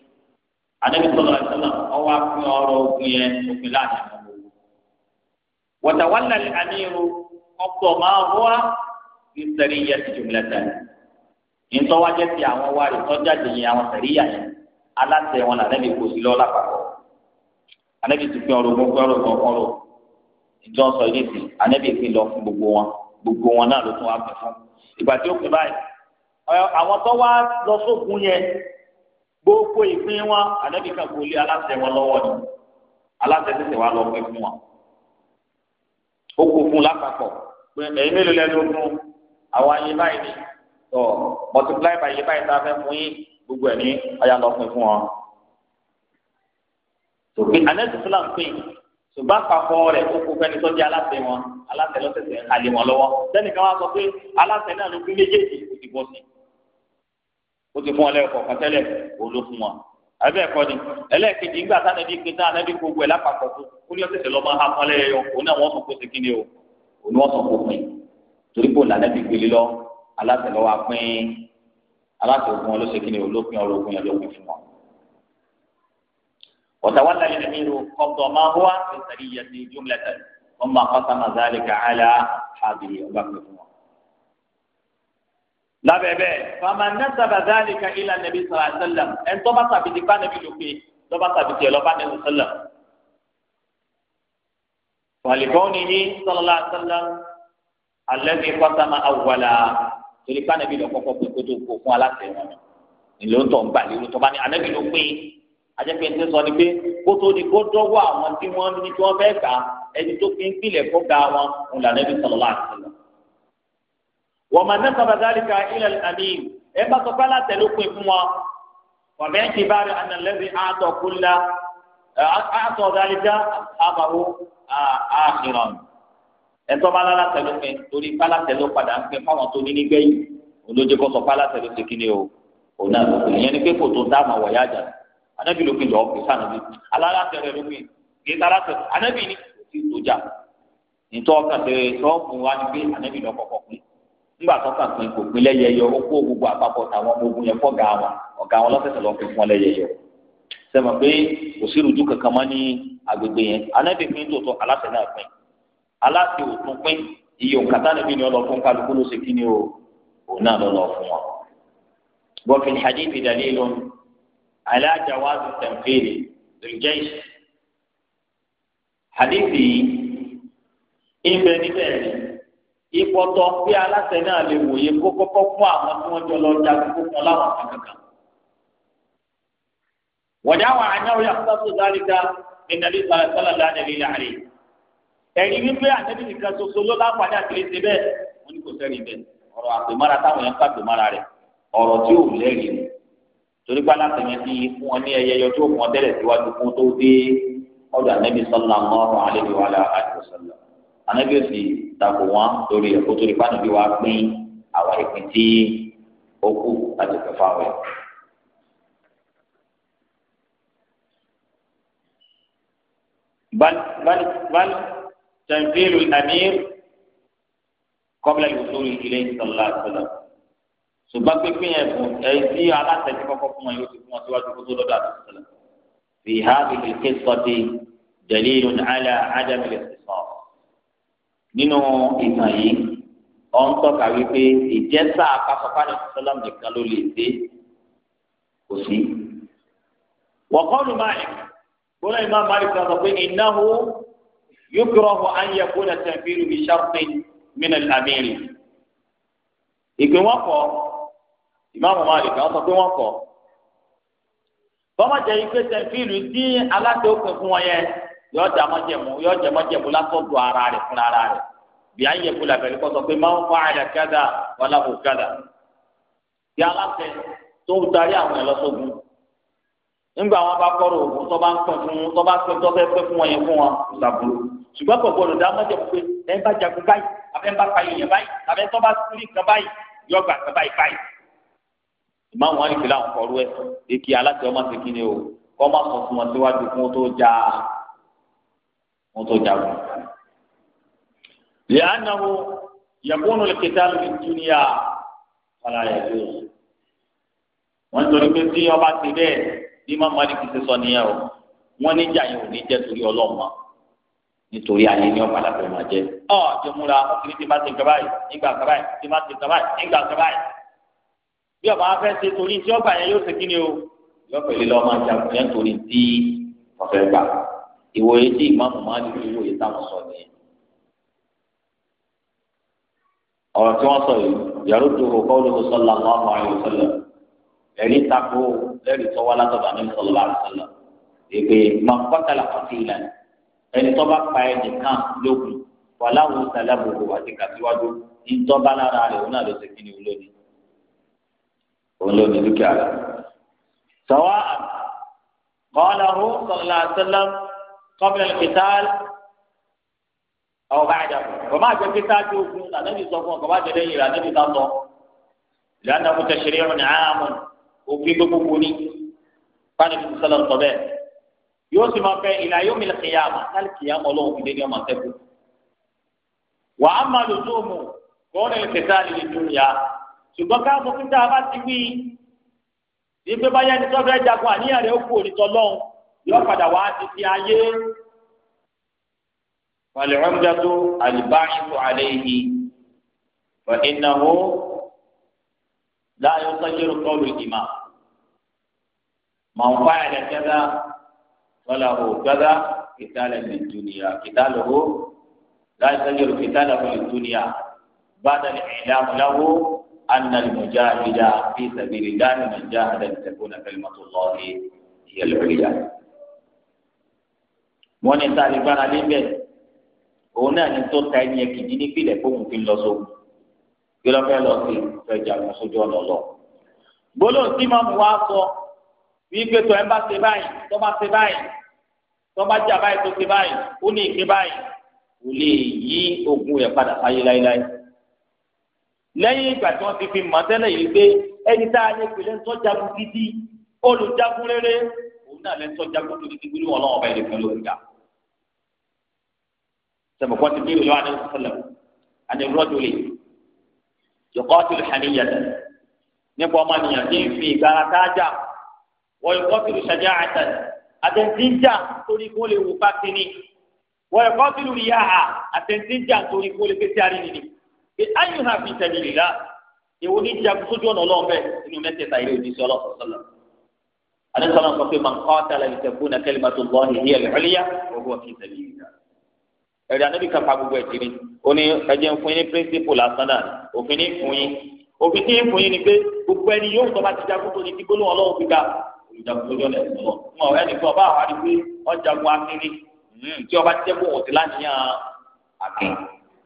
àtẹ́bí sọlá àṣọlù ọwọ́ àfin ọ̀rọ̀ ogun yẹn òfin láàyè wọ́tàwálà ntọ́wájẹ́ ti àwọn wari, rè tọ́jà dèyìn àwọn sẹ̀ríyà yẹn aláṣẹ wọn lànàbí kò sí lọ́ọ́ lápapọ̀ ànàbí ti pín ọrọ̀ ogun pín ọrọ̀ ogun ọrọ̀ ìjọ sọ ilé ti ànàbí pín lọ fún gbogbo wọn gbogbo wọn náà ló tún wá pín fún ìgbà tí ó pín báyìí àwọn tó wá lọ sókun yẹn gbogbo ìpín wọn ànàbí kan kò lé aláṣẹ wọn lọ́wọ́ ni aláṣẹ tẹsẹ̀ wá lọ pín fún wọn ó kó fún lápapọ̀ pé ẹ̀yin mélòó lẹ́nu fún àwọn ayé báyìí ni tó multiply báyìí báyìí tá a fẹ́ fún yín gbogbo ẹ̀ ní ọ̀yà lọ fún fún ọ. tòbí anẹ́sì fúlàn pé ṣùgbọ́n àpapọ̀ rẹ̀ tó kó fẹ́ni tó jẹ́ aláṣẹ wọn aláṣẹ lọ́sẹ̀sẹ̀ àlè wọn lọ́wọ́ sẹ́nìkan wá sọ pé aláṣẹ náà ló fi méjèèjì kò ti bọ́ sí ó ti fún ọ lẹ́yìn kọ̀ọ̀kan tẹ́lẹ̀ òun ló fún wọn abẹ́ ẹ̀kọ́ ni ẹlẹ́ẹ̀kejì ńgbà tá ànábi pé tá ànábi gbogbo ẹ̀ lápapọ̀ tó ó ní ọ̀sẹ̀sẹ̀ lọ́mọ ha òun náà wọ́n sọ pé ó ti kí ni o òun ni wọ́n sọ aláṣẹ lọ́wọ́ pín aláṣẹ ogun wọn ló ṣe kíni olópin ọ̀rọ̀ ogun yẹn ló pin fún wọn. وتولى الأمير قبض ما هو في سرية جملة ثم قسم ذلك على أصحابه وبقي lábẹ́bẹ́ fama nasaba zalika ila nabi sallallahu alaihi wa sallam ẹni tó bá sàbìtì bá nabi lópe tó bá sàbìtì ẹ̀ lọ́ba nabi sallam. wàlìkọ́ nìyí sallallahu alaihi wa sallam alladhi torí pé anabi lọ kọ́kọ́ pé kótó kó fún aláṣẹ wọn ìlú tó ń gbà lérò tó bá ní anabi ló pé ajẹ́pẹ́ ti sọ ni pé kótó ni kó dọ́wọ́ àwọn tí wọ́n ní tí wọ́n fẹ́ gbà ẹni tó fi ń pilẹ̀ kó ga wọn òun là nẹ́bí sallallahu alaihi wasallam. wọ́n máa ní sábà dálíkà ilẹ̀ àmì ẹ bá sọ pé aláṣẹ ló pé fún wọn wọ́n bẹ́ẹ̀ ti bá rẹ̀ ànàlẹ́bí àtọ̀ àtọ̀ dálíkà ẹtọ bá lálàtẹ ló fẹ torí pálàtẹ ló padà ń fẹ fáwọn tó ní nígbẹ̀yìn olóje kó sọ pálàtẹ ló fẹ kí ni o òun náà ló fẹ ìyẹn ni pé kò tó dáàmú ọwọ yá àjà anábì ló fi lọ ọkùnrin sànàbí alálàtẹ rẹ ló fi gèéta alátẹ anábì ni kò sí ìtòjà nítorí ọkàn tẹ sọọbù wa ni pé anábì lọ kọ́kọ́ pín nígbà tó kàn pín kò pín lẹ́yẹyẹ ó kó àpapọ̀ táwọn ogun yẹn fọ́gà wọn ọ̀gá wọn aláṣẹ òtún pín iye òǹkàtà níbi ni ọlọ fún kálukú ló ṣe kíni o òun náà lọ lọ fún wọn. bọ́fì hadithi dalilun ala jawaz tanfili lùjẹ́yì hadithi yìí ń bẹ níbẹ̀ ìpọ̀tọ̀ pé aláṣẹ náà lè wòye kó kọ́kọ́ fún àwọn tí wọ́n jọ lọ jagun kó fún láwọn kankan. wọ̀dà wà á yàtọ̀ sọ̀tọ̀ àríkà ní nàbí sàlẹ̀ sàlẹ̀ lánàá ẹ̀rí wípé àtẹ́bí nìkan ṣoṣo ló láǹfààní àti lè ṣe bẹ́ẹ̀ wọ́n ní kò sẹ́rìn bẹ́ẹ̀ ọ̀rọ̀ àpèmára táwọn yẹn ń pàpèmára rẹ̀ ọ̀rọ̀ tí ò lẹ́rìí ni torí pé alátẹ̀yẹn ti fún wọn ní ẹyẹyọ tó fún wọn tẹ́lẹ̀ síwájú fún tó dé ọ̀dọ̀ ànábì sọ́lá mọ́rùn àlejò wàlá àdìsọ́lá ànábì ò sì takò wọn lórí ẹ̀kọ́ torí pàánù bí pín àwọn ìpín tí ó kù láti fẹ́ fáwọn ẹ̀. bal bal bal تنزيل الأمير قبل الوصول إليه صلى الله عليه وسلم ṣùgbọ́n pínpín ẹ̀bùn ẹ̀sí alátẹ̀sí kọ́kọ́ fún wọn yóò ti fún wọn síwájú kó tó lọ́dọ̀ àti sọ̀rọ̀ fi hadhihi al-qissati dalilun ala adam al-ikhtisas nínú ìtàn yìí ó ń tọ́ka wípé ìjẹ́sà pásọpánì sọ́lọ́m nìkan ló lè dé kò sí. wa qawlu Malik gbọ́dọ̀ Imam Malik sọ pé innahu yukrahu an yakuna tanfiru bi shartin min al-amiri ìpè wọn kọ ìmáàmù Malik àwọn sọ pé wọn kọ bọ́mọ̀ jẹ́ ipe tẹ̀fíìlù tí aláṣẹ òpin fún wọn yẹn yóò jẹ́ mọ́jẹ̀mú yóò jẹ́ mọ́jẹ̀mú látọ̀dọ̀ ara rẹ̀ fúnra ara rẹ̀ bí a ń yẹ kula pẹ̀lú kọ́sọ́ pé máa ń fa àyà gádà wàlá kò gádà. bí aláṣẹ tó darí àwọn ẹlọ́sọ́gun nígbà wọn bá kọrọ òògùn tó bá ń pín fún tó bá ń pín tó fẹ́ pín fún wọn yẹn fún wọn ṣàbùrù ṣùgbọ́n kò gbọdọ̀ dá mọ́jọ pé ẹ bá jagun báyìí abẹ́ ń bá fa yẹn báyìí abẹ́ tó bá sírí kan báyìí yọgbà kan báyìí báyìí. ìmọ̀ àwọn ìfìlà àwọn kọrú ẹ̀ èkì aláṣẹ ọmọ ti kí ni o kọ́ má sọ fún wọn síwájú fún tó já fún tó já wọn. lẹ́yìnáwó yẹ̀kúnnù kìtà lórí dúníyà wọn ní má malik ti sọ nìyẹn o wọn níjà yẹn ò ní jẹ torí ọlọ́mọ nítorí ayé ní ọ̀padà tó máa jẹ ọ jẹ múra ọkùnrin tí bá ti kaba yìí nígbà kaba yìí tí bá ti kaba yìí nígbà kaba yìí bí ọba afẹ́ ṣe torí tí ọgbà yẹn yóò ṣe kí ni o yọ pẹ̀lú lọ́ọ́ máa jagun yẹn torí tí ọ̀fẹ́ gbà ìwòye tí ìmáàmù máa ní ìwòye táwọn sọ nìyẹn. ọ̀rọ̀ tí wọ́n sọ yìí yàrá òdòwò kọ́ ló sọ làwọn àwọn àyè ẹ̀rí tako lẹ́rìí tọ́wọ́ látọ̀dọ̀ àmì sọ̀rọ̀ àrùsọ̀lọ̀ èpè mọ̀kọ́tàlá kọ̀tì ìlànà ẹni tó bá pa ẹnì kan lókun wà láwùjọ sàlábòbò àti kàtíwájú ìjọba lára rẹ̀ òun náà ló ti kíni olóni olóni dúkìá rẹ̀. sọ̀wọ́ kọ́lá hó sọ̀rọ̀ àṣẹlẹ̀ kọ́bìnrin kìtàlì ọ̀bá àjà bàbá àjọ kìtàlì ogun ànábì sọ fún ọ òfin gbogbo ní báyìí ní sọlọ sọ bẹ́ẹ̀ yóò sì máa fẹ́ ìlà yóò mi kìyà àmà sálì kìyà àmà ọlọ́run fi dédé ọmọ sẹ́kù wà á máa lò sóòmù kọ́ọ́ ní ìfẹ̀sẹ̀ àlè ìdúnyà ṣùgbọ́n káàbọ̀ kí tá a bá ti wí ìgbé báyà ní sọ́fẹ́ jagun àníyàn rẹ̀ kú òrìtọ́ lọ́hùn yóò padà wá ti fi ayé فالعمدة الباعث عليه فإنه لا يصير قول الإمام من فعل كذا فله كذا قتالا للدنيا قتاله لا يسجل قتاله للدنيا بعد الإعلام له أن المجاهد في سبيل الله من جاهد أن تكون كلمة الله هي العليا wọ́n ní sáà lè gbára lé bẹ́ẹ̀ òun náà ní tó ta ẹni ẹ̀kìdí nípìnlẹ̀ fóun fi lọ sóhun kí lọ́fẹ́ lọ sí ìfẹ́ ìjà fún sójú ọ̀nà lọ. gbólóhùn tí màmú wa sọ wípé tó ẹ bá ṣe báyìí tó bá ṣe báyìí tó bá jà báyìí tó ṣe báyìí ó ní ìpín báyìí kò lè yí ogun rẹ̀ padà sáyé láéláé lẹ́yìn ìgbà tí wọ́n ti fi mọ̀ tẹ́lẹ̀ yìí pé ẹni tá a yẹ pé lẹ́ńtọ́ jagun gidi olùjagun rere òun náà lẹ́ńtọ́ jagun tó ti gbé wọn lọ́wọ́ bá ẹ̀rẹ̀ fún lórí ti bí ìlú àdé sọ̀lẹ̀ àdé rọ́jòlè yọkọ́ tó lè hàn níyàtọ̀ nípa ọmọ fi ìgbára tájà wọ́n kọ́ tìlù ṣàjà àtàn àtẹ̀síjà torí kó lè wò ká kíní wọ́n kọ́ tìlù yá ha àtẹ̀síjà torí kó lè pèsè àríyìn ni pé ayé hàn fi tẹ̀lé ìlà èwo ní jagun sójú ọ̀nà ọlọ́run bẹ́ẹ̀ inú mẹ́tẹ̀ẹ̀ta ilé òdì sí ọlọ́run sọ́lá alẹ́sọ̀rọ̀ sọ pé màá kọ́ tẹ̀lé ìtẹ̀kùn náà kẹ́lẹ́ màtó lọ́ọ́ ní ìyẹn lọ́ọ́lẹ́yà owó ọ̀fi tẹ̀lé ìlà ẹ̀rí anábì kan pa gbogbo ẹ̀jẹ̀ mi ó ní ẹ̀jẹ̀ ń fún yín ní píríncípù lásán náà òfin ní fún yín òfin tí ń fún yín ni pé gbogbo ẹni yóò tọ́ bá ti jagun tó ní ti gbólóhùn ọlọ́run fi ga olùjagun lójú ọ̀nà ẹ̀sìn lọ. Mo ọ̀rẹ́ nìkan ọba àwọn àdìgbé ọ̀jagun akínní hmm, tí ọba jẹ́ kó wọ̀n sí láníyàn àkín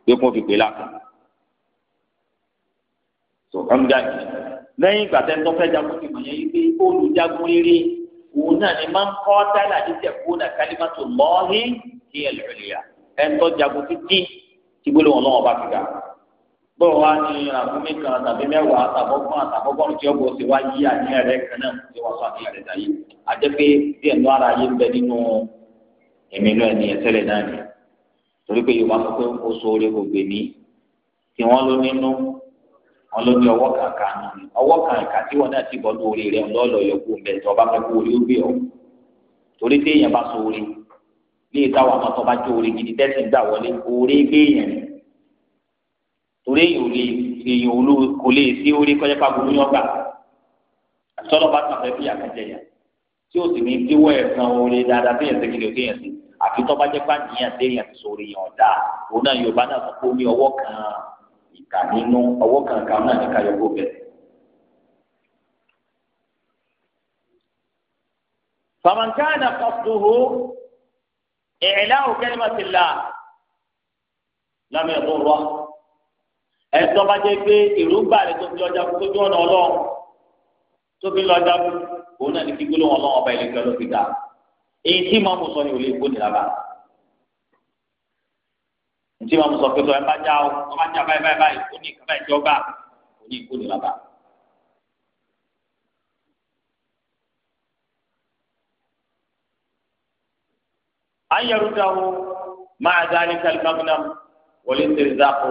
pé kó fi pè lákùn. Sọ ọ̀n jáde. Lẹ́yìn ìgbà tẹ́ tó fẹ́ jagun ti mọ̀ yẹn yí pé olùjagun rere òun náà ni máa ń kọ́ táyà dídẹ̀ kó nà kálímàtò lọ́ọ́hìn kí ẹ lọ́ọ̀lìyà. Ẹ ń tọ́ jagun títí tí gbólóhùn ọlọ́wọ́ bá fi gà bọ́ọ̀ wá ní ràbúmí kan tàbí mẹ́wàá àtàbọ́gbọ́n àtàbọ́gbọ́n tí ó bọ̀ sí wá yí àníyàn rẹ kan náà tí wọ́n sọ àníyàn rẹ dàyé àjẹ́ pé díẹ̀ nú ara yé ń bẹ nínú ẹ̀mí náà ẹni ẹ̀sẹ̀lẹ̀ náà ni torí pé Yorùbá sọ pé ó so orí kò gbè mí tí wọ́n ló nínú wọ́n ló ní ọwọ́ kankan nù ọwọ́ kankan tí wọ́n náà ti bọ́ lórí rẹ lọ́ọ̀lọ́ yọkú bẹ̀ tó bá fẹ́ kú orí ó gbé ọ torí téèyàn bá so orí ní ìtawọ̀ àmọ́ ni torí èyàn ò lè èyàn ò lè kò lè sí orí kọjá pàbó ní ọgbà àtọ́nà bá tàn fẹ́ fìyà kẹjẹ yẹn tí ó sì ní díwọ́ ẹ̀sán orí dáadáa bí ẹ̀sẹ̀ kìlì òkè yẹn sí àfi tó bá jẹ́ pàǹdíyàn déyàn ti sọ̀rọ̀ èyàn ọ̀dà òun náà Yorùbá náà sọ pé ó ọwọ́ kan ìkà nínú ọwọ́ kan kan náà ní káyọ̀kó bẹ̀rẹ̀. فمن كان قصده إعلاء كلمة الله لم يضره ẹ̀tọ́ bá jẹ́ pé èròǹgbà rẹ̀ tó fi lọ́jà tó fi ọ̀nà ọlọ́run tó fi lọ́jà òun náà ní kí gbólóhùn ọlọ́run ọba ìlẹ́gbẹ́ ló fi dà èyí tí màmú sọ ni ò lè kó nira bá ntí màmú sọ pé sọ ẹ bá já ọ bá já báyìí báyìí báyìí ó ní ìkàbá ìjọba ó ní ìkó nira bá. ayélujára máa dá ní kálífàmù wọlé ń tẹ̀lé dáàbò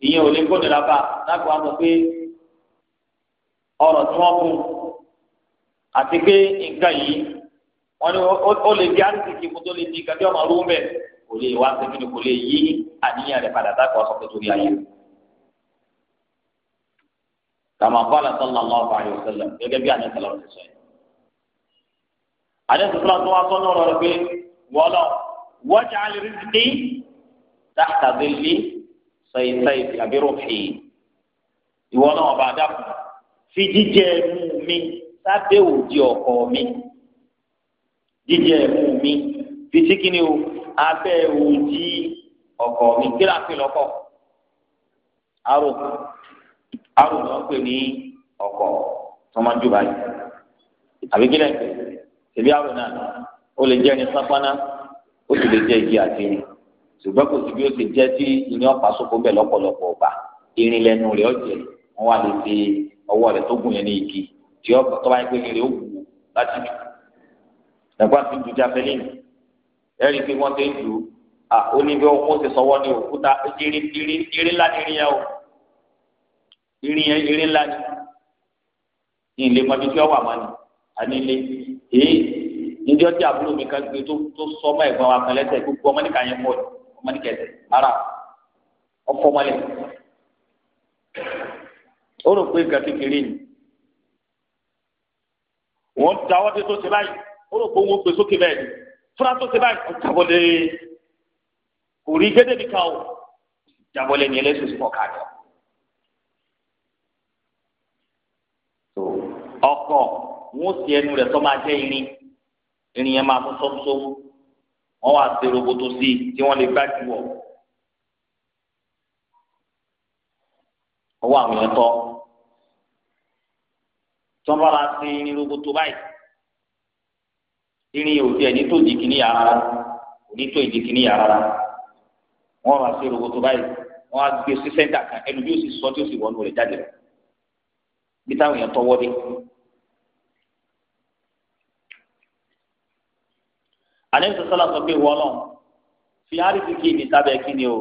ìyẹn ò lè kó nira bá láti wá sọ pé ọ̀rọ̀ tí wọ́n fún àti pé nǹkan yìí wọ́n ní ó lè di àrísìkì kó tó lè di kàbí ọmọ ọdún bẹ́ẹ̀ kò lè wá sí kíni kò lè yí àníyàn rẹ̀ padà láti wá sọ pé ayé. kàmá kọ́lá sọ́nà lọ́wọ́ àyè òṣèlú gẹ́gẹ́ bí àyẹ̀sọ̀ lọ́wọ́ ti sọ yìí. àyẹ̀sọ̀ sọ́nà tó wá sọ́nà ọ̀rọ̀ rẹ̀ pé wọ́lọ́ wọ́jà àlè rìsìkì táàtà délé sọyìn sọyìn àbí rọ̀fì ìwọ náà bá dàpọ̀ fi jíjẹ ẹmu mi sábẹ́ òdi ọkọ mi jíjẹ ẹmu mi fi sí kíni o abẹ́ òdi ọkọ mi kí la fi lọ́kọ̀ arò arò náà pè ní ọkọ tọmọdú báyìí àbí kí lẹ́yìn tẹ̀lé arò náà o lè jẹ́ ní sápáná o sì lè jẹ́ igi àti irin ṣùgbọ́n kò sí bí ó ti jẹ́ tí ìyẹn ọ̀pá sóko ń bẹ̀ lọ́pọ̀lọpọ̀ ọ̀gbà irin lẹ́nu rẹ̀ ọ̀jẹ̀ wọ́n wá lè fi ọwọ́ rẹ̀ tó gùn yẹn ní igi tí ó tọ́ báyìí pé irin ó wù láti jù ẹ̀gbọ́n ti ju javelin ẹ̀rí pé wọ́n ti ń ju à ó ní bí wọ́n ti sọ́wọ́ ní òkúta irin irin irin ńlá ni irin yẹn o irin yẹn irin ńlá ni ìlé mọ́bi tí ó wà mọ́ni ànílé èyí ní ọjọ́ àbúrò mi kan gbé tó sọ́mọ́ ẹ̀gbọ́n wa kan lẹ́sẹ̀ gbogbo ọmọ nìkan yẹn pọ̀ ni ọmọdékẹsẹ ara ọfọmọlẹ ó rò pé nǹkan kékeré ni wọn dáwọ́ dé tó ṣe báyìí ó rò pé wọn gbé sókè bẹ́ẹ̀ ni fúra tó ṣe báyìí ó jábọ́ lé kò rí gédé mi kan o jábọ́ lé ní ẹlẹ́sìn sí ọ̀ka rẹ̀ wọn ó ẹnu rẹ̀ sọ máa jẹ́ irin irin yẹn máa fọ́ sọ́mùsọ́mù wọ́n wá ṣe roboto sí i tí wọ́n lè gbá jù ọ. ọwọ́ àwọn èèyàn tí wọ́n bá la ṣe irin roboto báyìí irin òdi ẹ̀ ní tó kìíní yàrá òní tó ìdí kìíní yàrá wọ́n wá ṣe roboto báyìí wọ́n á gbé sí sẹ́ńtà kan ẹnu bí ó sì sọ tí ó sì wọnú rẹ̀ jáde rẹ̀ bí táwọn èèyàn tọwọ́ àlẹ́ ìṣẹ́ sọ́lá sọ pé wọ́lọ́ fi áríṣì kí mi sábẹ́ kí ni o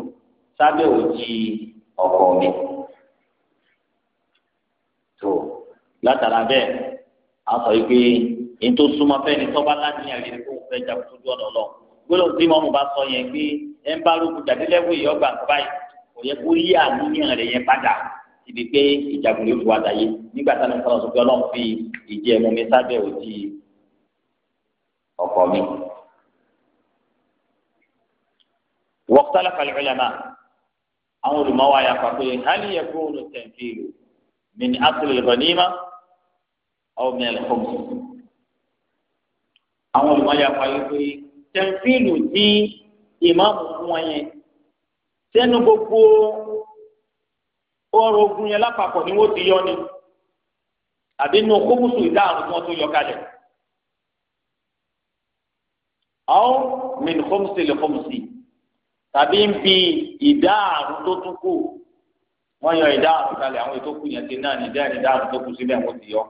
sábẹ́ òjì ọkọ mi. tó látara bẹ́ẹ̀ a sọ yìí pé èyí tó súnmọ́ fẹ́ ni tọ́ba láti àyè kó o fẹ́ jàpọ̀ tójú ọ̀nà lọ gbọ́dọ̀ tí mọ́mú bá sọ yẹn pé ẹ ń bá lóko jàdílẹ́wò yìí ọgbà tó báyìí kò yẹ kó yí àníyàn rẹ̀ yẹn padà ibi pé ìjagun yóò fi wá nígbà tá a lè sọ̀rọ̀ sọ fi ìjẹ́ ẹ̀mú mi sábẹ́ òjì ọkọ mi. واختلف العلماء أول ما ويقول هل يكون التنفيذ من أصل الغنيمة أو من الخمس أول ما يقول تنفيذ دي إمام موين sẹ́nu gbogbo ọrọ̀ ogun yẹn lápapọ̀ ni wọ́n ti yọ ni àbí inú kóbùsù ìdá àrùn tí wọ́n tó yọ kalẹ̀ àwọn mìnkómsì lè kómsì tàbí ń bi ìdá àrùn tó tún kù wọ́n yọ ìdá àrùn kalẹ̀ àwọn ètò kù yẹn ti náà ní ìdá ìdá àrùn tó kù síbẹ̀ wọ́n ti yọ.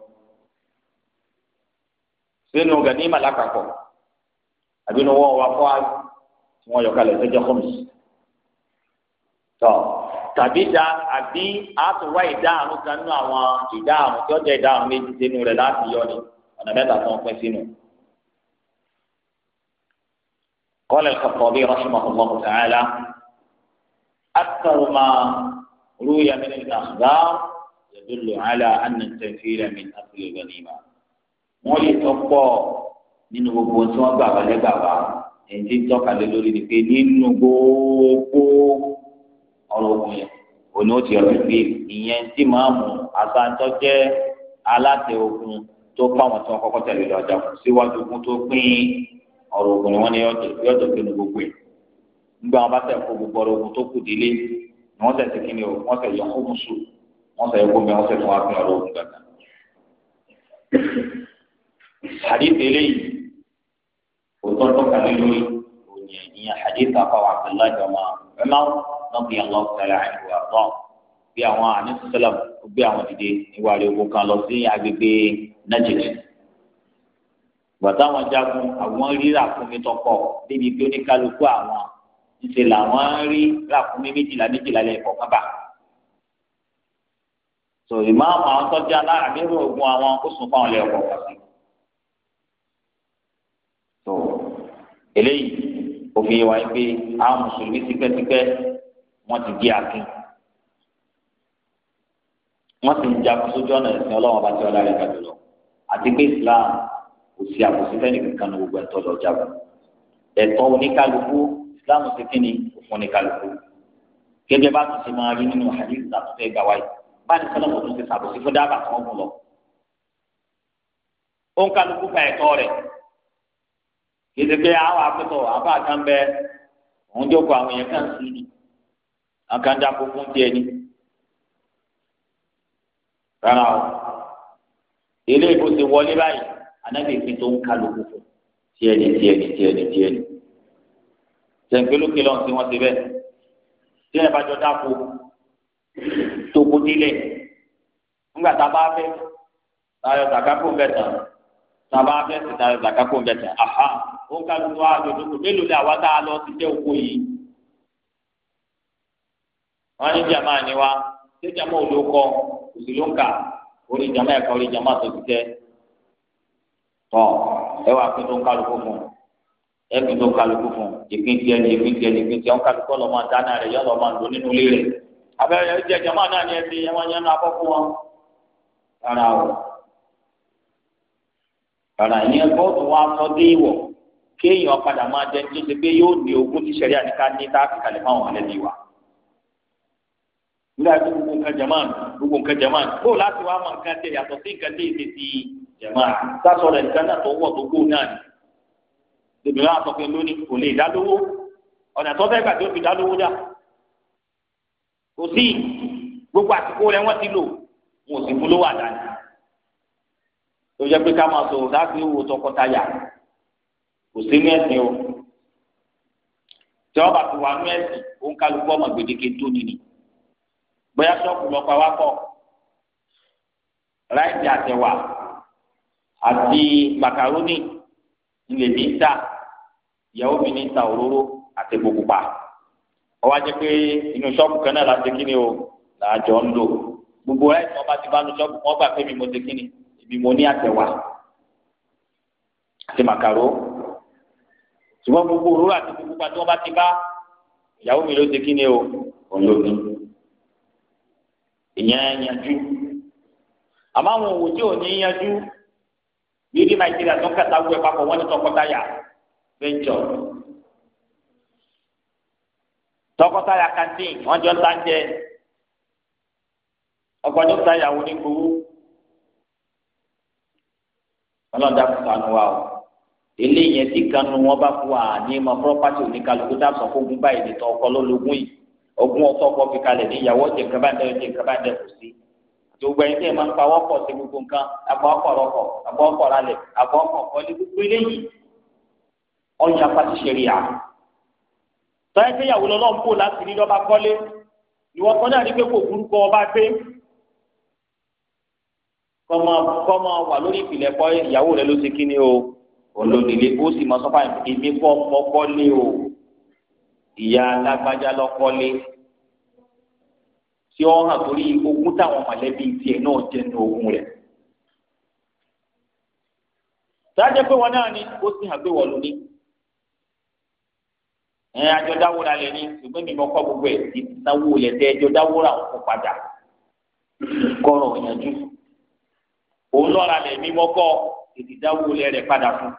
sínú gani malakakọ àbí ní wọ́n wá fọ́ tí wọ́n yọ kalẹ̀ sẹ́jọ́ kọ́mùs. tọ́ tàbí da àbí àtúwá ìdá àrùn kan nú àwọn ìdá àrùn tí ó jẹ́ ìdá àrùn méjì sínú rẹ̀ láti yọ ni ọ̀nà mẹ́ta tó ń pín sínú. قال الخطابي رحمه الله تعالى أكثر ما روي من الأخبار يدل على أن التنفير من أكل الغنيمة مولي تقوى nínú gbogbo tí wọn gbà wọlé gbà wá èyí tí ń tọ́ka lé lórí ni pé nínú gbogbo ọ̀rọ̀ ogun yẹn òní ó ti rọ ìgbé ìyẹn tí máa mú asantọ́ jẹ́ aláṣẹ ogun tó fáwọn tí wọn kọ́kọ́ tẹ̀lé lọ́jà síwájú ogun tó pín ọ̀rọ̀ ogun ni wọ́n ní yọ̀jọ̀ tó ní gbogbo ẹ̀ nígbà wọn bá tẹ̀ kó gbogbo ọ̀rọ̀ ogun tó kù délé ni wọ́n tẹ̀ sí kí ni o wọ́n tẹ̀ yọ kó musu wọ́n tẹ̀ kó mi wọ́n tẹ̀ fún wa fún ọ̀rọ̀ ogun gàgà. hadith eléyìí kò tọ́ tọ́ka lé lórí òyìn ìyẹn hadith afọwọ́ abdullahi ọmọ ẹ̀mọ́ náà bí àwọn ọ̀sẹ̀lẹ̀ àìwọ̀ àbọ̀ bí àwọn àníṣẹ́lẹ̀ bí àwọn dìde níwájú ogun kan lọ sí agbègbè nàìjíríà gbàtà àwọn jagun àwọn rí ràkúnmí tọpọ débi pé oníkálukú àwọn ńṣe làwọn rí ràkúnmí méjìlá méjìlá lẹ́yìn kọ̀ọ̀kan bá so ìmáàmù àwọn tọ́jú aláàbírò ogun àwọn ó sùn fáwọn ilé ọkọ̀ kan sí. so eléyìí òfin wa pé àwọn mùsùlùmí tipẹ́tipẹ́ wọ́n ti di akin wọ́n ti ń jagun sójú ọ̀nà ìsìn ọlọ́wọ́n bá ti ọ̀la rẹ̀ gàdúrà àti pé Islam kò sí àbòsí fẹ́ni kankan ní gbogbo ẹ̀tọ́ lọ́jà wọn ẹ̀tọ́ oníkálukú ìsìláàmù ti kí ni òfin oníkálukú gẹ́gẹ́ bá tún ṣe máa rí nínú hadith àtúntò ẹgbà wáyé báyìí sọlá mọ̀tún ti sàbòsí fún dábàá tí wọ́n mú lọ oníkálukú gba ẹ̀tọ́ rẹ̀ ìdèkè àwọn akpẹtọ àbá kan bẹ òun jókòó àwọn yẹn kan sí ni àkàn dàpọ fún tiẹ̀ ni rárá o ilé ìbò ti wọlé báyìí anábì ìpín tó ń kálukú fún tiẹ̀ ní tiẹ̀ ní tiẹ̀ ní tiẹ̀ ní. sẹ̀ǹpẹ́lókè lọ́hùn tí wọ́n ti bẹ́ẹ̀ tí ẹ̀ bá jọ dáko tó délẹ̀ ńgbà tá a bá fẹ́ tayọ zakako bẹ̀tà tá a bá fẹ́ sí tayọ zakako bẹ̀tà aha ó ń kálukú wa lòdòdò mélòó ni àwa tá a lọ sí jẹ́ òkú yìí. wọ́n ní jàmáà ni wa ṣé jàmáà ò ló kọ́ òsì ló ń kà orí jàmáà ẹ̀ka orí jàmáà tó ti tẹ́ tọ ẹ wà pín tó ń kálukú fún ẹ pín tó ń kálukú fún ìpín tiẹ ní ìpín tiẹ ní ìpín tiẹ ń kálukú lọ máa dáná rẹ yọ lọ máa lò nínú ilé rẹ abẹ́rẹ́ ẹ jẹ jọmọ náà ni ẹ fi ẹwọn yẹn náà kọ́ fún o rárá ìyẹn bọ́ọ̀tù wa sọ dé ìwọ̀ kéèyàn padà máa jẹ ní tó ṣe pé yóò ní ogún tí sẹ́rí àníká ní táàkì kalẹ̀ fáwọn ọ̀lẹ́ni wa nígbà tí gbogbo nǹkan jẹ máa gbogbo nǹkan jẹ máa kó láti wá mọ nǹkan tẹ yàtọ̀ sí nǹkan tẹ ètè ti jẹ̀mọ́ àtàsọ rẹ̀ nìkan náà tó wọ̀ tó gbó náà ni lèmi wá sọ pé lónìí kò lè dálówó ọ̀nà tó fẹ́ gbà tó fi dálówó dà kò sí gbogbo àsìkò rẹ̀ wọ́n ti lò wọn ò sì fún lówó àdáni tó jẹ́ pé ká máa sọ láti wo tọkọtaya kò sí ní ẹ̀sìn o tí wọ́n bá ti wà ní ẹ̀sìn ó ń kálukú ọmọ gbèdéke tó nìyí bóyá ṣọ́ọ̀kù lọ́pàá wá kọ́ ráìdì àtẹ̀wà àti makaroni ilé mi ń ta ìyàwó mi ní ta òróró àti gbogbo pa ọwọ́ ajẹ́ pé inú ṣọ́ọ̀bù kan náà láti kí ni o làájọ ń lò gbogbo ẹ̀ tí wọ́n bá ti bá nu ṣọ́ọ̀bù wọ́n gbà pé mi mo ti kí ni èmi mo ní àtẹ̀wà àti màkàró ṣùgbọ́n gbogbo òróró àti gbogbo pa tí wọ́n bá ti bá ìyàwó mi ló ti kí o òun ló ní ìyẹn yanjú àmọ́ àwọn òwò tí ò ní yanjú ìrí nàìjíríà tó ń kẹta wú ẹ papọ̀ wọ́n ní tọkọtaya venture tọkọtaya kantin wọ́n jọ ń ta jẹ ọgbọ́n yóò ta ìyàwó ní gbowó ọlọ́dà kò sànù wa o eléyìí yẹn tí kanu wọn bá fún wa ní ma property oníkàlùkù tá a sọ fún ogún báyìí ní tọ ọkọ lọ́lọ́gún yìí ogún ọtọ́ ọkọ fi kalẹ̀ ní ìyàwó ọ̀jẹ̀ nǹkan bá ń dẹ́ ọ̀jẹ̀ nǹkan bá ń dẹ́ kò sí gbogbo ẹni tí ẹ máa ń pawọ́ pọ̀ sí gbogbo nǹkan agbọ́kọ̀ rọpọ̀ agbọ́kọ̀ ralẹ̀ agbọ́kọ̀ kọ́lé gbogbo eléyìí ọ̀yìn apáti ṣeré à. sọ́yẹ́ pé ìyàwó lọ́lọ́ ń bò láti rí lọ́ba kọ́lé ìwọ kan náà rí pé kò burúkọ ọba gbé kọ́mọ kọ́mọ wà lórí ìpìlẹ̀ kọ́ ìyàwó rẹ ló ṣe kí ni o olódìlé ó sì mọ sọ́fà ìmí kọ́ mọ́kọ́lé o ìyá alágbájá lọ́kọ́lé tí ó hàn torí ogún táwọn mọ̀lẹ́bí tiẹ̀ náà jẹ́ nínú ogún rẹ̀. sáájẹ́ pé wọn náà ni ó sì hàn pé wọ́n lò ní. ẹ àjọ dáwọ́ra lẹ̀ ní ṣùgbọ́n mi mọ́ kọ́ gbogbo ẹ̀ ti sanwó lẹ̀ tẹ́ ẹjọ́ dáwọ́ra òun kò padà kọ́rọ̀ yanjú. òun lọ́ra lẹ̀ mi mọ́ ètì dáwó lẹ̀ rẹ̀ padà fún.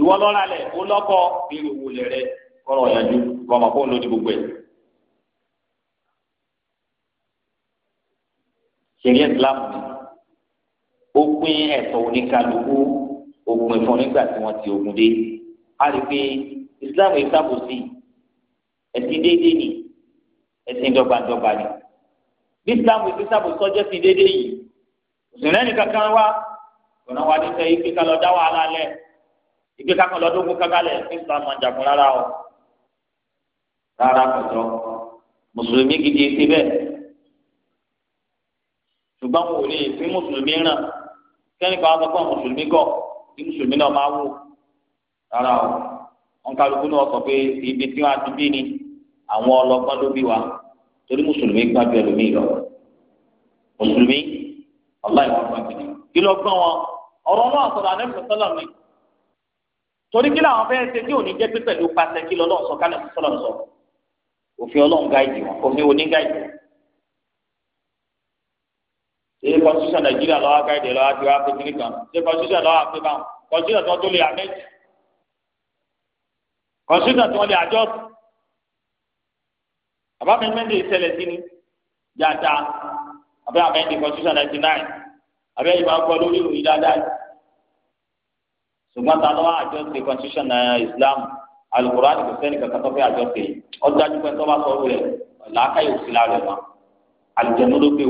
ìwọ lọ́ra lẹ̀ ó lọ́kọ́ bí lẹ̀ rẹ̀ kọ́rọ̀ yanjú kọ́mọ kó lóde gbogbo ẹ̀. ṣẹ̀ríà Islam ni ó pín ẹ̀tọ́ oníkálukú ogun ìfọn nígbà tí wọ́n ti ogun dé a rí i Islam yìí sábòsí ẹ̀sìn déédéé ni ẹ̀sìn dọ́gbadọ́gba ni bí Islam yìí sábòsí ọjọ́ sí déédéé yìí òṣèlú ẹnì kankan wá ọ̀nà wa ní sẹ́ ibi ká lọ dá wàhálà lẹ̀ ibi ká kàn lọ dógún kankalẹ̀ ní Islam máa jagun rárá o rárá kọjọ mùsùlùmí gidi ti bẹ́ẹ̀ ṣùgbọ́n wọn ni, lè fi mùsùlùmí ràn kẹ́nìkan á sọ fún mùsùlùmí gọ̀ tí mùsùlùmí náà máa wò rárá o wọn kálukú náà sọ pé ibi tí wọn ti ni àwọn ọlọ́gbọ́n ló bí wa torí mùsùlùmí gbájú ẹlòmíì lọ mùsùlùmí ọláìwọ̀n gbàgbé ni kí ló gbọ́n wọn ọ̀rọ̀ náà sọ̀rọ̀ àdéhùn sọ́lọ̀ mi torí kí làwọn fẹ́ẹ́ ṣe tí ò ní jẹ́ pé pẹ̀lú pàṣẹ kí lọ́lọ́run sọ kálẹ̀ sọ́lọ̀ sọ òfin ọlọ́run gáìdì wọn òfin onígáìdì wọn ṣé constitution nàìjíríà lọ́wọ́ akáyọ̀dẹ̀ lọ́wọ́ àti wàá pékinì kan ṣé constitution lọ́wọ́ àpé báwọn constitution tó tó lè amẹ́jì constitution tó lè àjọ àbámẹ́mẹ́ndé ìṣẹ̀lẹ̀ sí ni yàtà àbẹ́ amẹ́ndé constitution ninety nine àbẹ́ ìmọ̀ akọ lórí ìròyìn dáadáa ṣùgbọ́n ta lọ́wọ́ àjọ ṣe constitution islam alukura ni kò sẹ́ni kankan tó fẹ́ àjọ ṣe ọjọ́ àjùpẹ́ tó bá sọ ọ́ rẹ̀ làákàyè òsì lára rẹ̀ mọ́ àlùjẹ́ ló ló gbé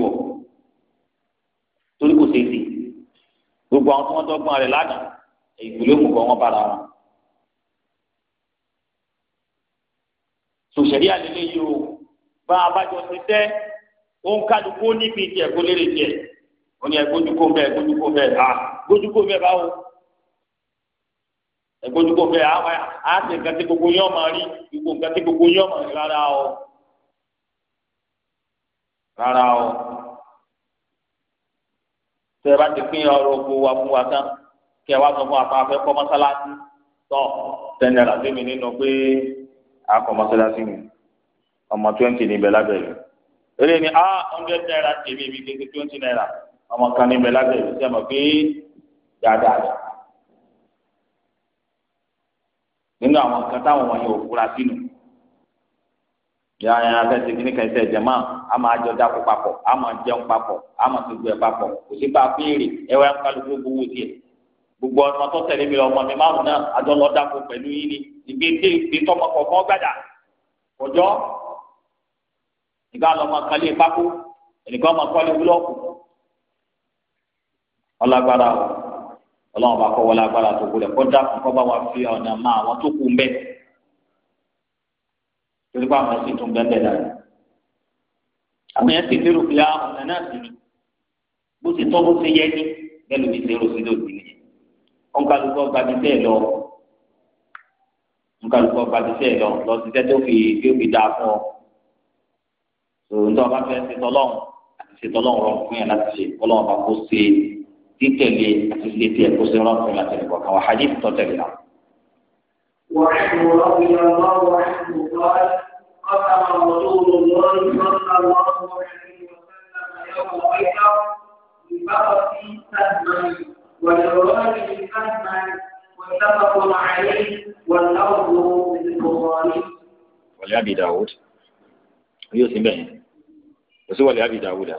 ṣe sí gbogbo àwọn tí wọ́n dọ́gbọ́n rẹ̀ lánàá èyí ló mú kọ́ wọn bára wọn. sòṣèlú àlele yìí o bá a bá jọ ti tẹ́ òun kálukú níbi ìjẹ́ kó lérè jẹ́ ó ní ẹgbójúkó bẹ́ẹ̀ gbójúkó bẹ́ẹ̀ à gbójúkó bẹ́ẹ̀ báwo ẹgbójúkó bẹ́ẹ̀ àwọn àti nǹkan tí gbogbo yẹn ọmọ rí gbogbo nǹkan tí gbogbo yẹn ọmọ rí rárá o rárá o tẹ bá ti pín ọrọ̀ oko wa fún wa tán kẹ wá sọ fún wa fún afẹ́ kọ́ mọ́sálásí tọ́ ten naira nínú pé akọ mọ́sálásí mi ọmọ twenty níbẹ̀ lábẹ́ yìí eré ni a ah, hundred naira tèmi mi kéde twenty naira ọmọ kan níbẹ̀ lábẹ́ yìí sẹ́mo pé dáadáa rẹ̀ nínú àwọn kan táwọn wọ̀nyí ò fura sínú yàrá afẹsẹ kìíní kan ṣe jẹmọ a máa jọ dáko papọ̀ a máa jẹun papọ̀ a máa tó gbẹ e papọ̀ kò sí bá a béèrè ẹwà ń kálukú gbowó tiẹ̀ gbogbo ọmọ tó tẹ̀lé mi ọmọ mi márùn náà àjọ lọ dáko pẹ̀lú yín ni ìgbé dé ìgbé tọmọ kọ̀ọ̀kan gbàdà kọjọ ìgbà lọmọ kan lé e pákó ẹnìkan ọmọ kọ́lé ọlágbára ọlọ́run bá wọlé agbára tó kú rẹ̀ kọ́ dákun bá wa fi ọ̀nà máa àwọn tó kù ń torí pé àwọn sì tún bẹ́ẹ̀ dára àwọn yẹn sì lérò pé ah, ọ̀nà náà sì ni bó ti tọ́ bó ti yẹ ní bẹ́ẹ̀ ló ti lérò sí lòdì nìyẹn ònkàlùkọ́ gbàdí bẹ́ẹ̀ lọ ònkàlùkọ́ gbàdí bẹ́ẹ̀ lọ lọ sí tẹ́tẹ́ òfì tí ó fi dáa fún ọ tòun tó a bá fẹ́ ṣe tọ́lọ́hún àti ṣe tọ́lọ́hún rọrùn fún yẹn láti ṣe ọlọ́run bá kó ṣe títẹ̀lé àti ṣe tiẹ̀ kó ṣe rọrùn fún yẹn láti ṣe kọ̀ọ̀kan wà hajj tó tẹ̀lé náà. وعنه رضي الله عنه قال قسم رسول الله صلى الله عليه وسلم يوم بدر ببقر سهما ولرجل سهما متفق عليه واللفظ للبخاري ولأبي داود يوسف بن بس هو لأبي داود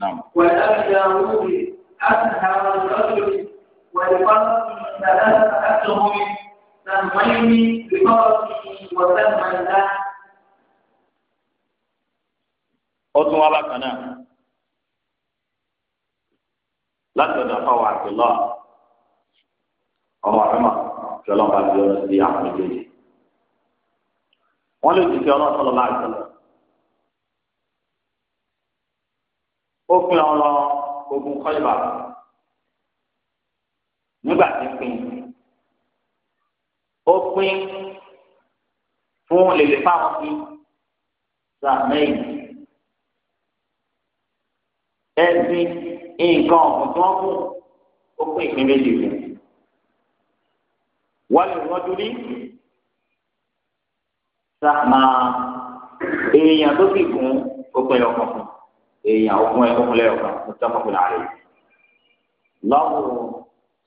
نعم ولأبي داود أسهر الرجل ولفرق ثلاثة أشهر سميني بقولي وسمى الله أتوا بكنا لا تدفعوا عبد الله أما عمر كلام بعد يوم السبيع عمل wọ́n lè dìde ọlọ́run sọ̀rọ̀ láì sọ̀rọ̀. ó pin ọ lọ ogun kọ́lìbà nígbà tí ń pin ó pín fún lèlè fáwọn bíi sàmẹ́yìn ẹ̀sìn nǹkan ọ̀hún tó ń fún ó pín ìpín méjì rẹ̀ wọ́n lè rọ́jú rí sàmà èèyàn tó sì gùn ó pín ọkàn fún èèyàn ogún ẹ̀kọ́ fún lẹ́yọ̀kan mo tẹ́ ààrẹ lọ́wọ́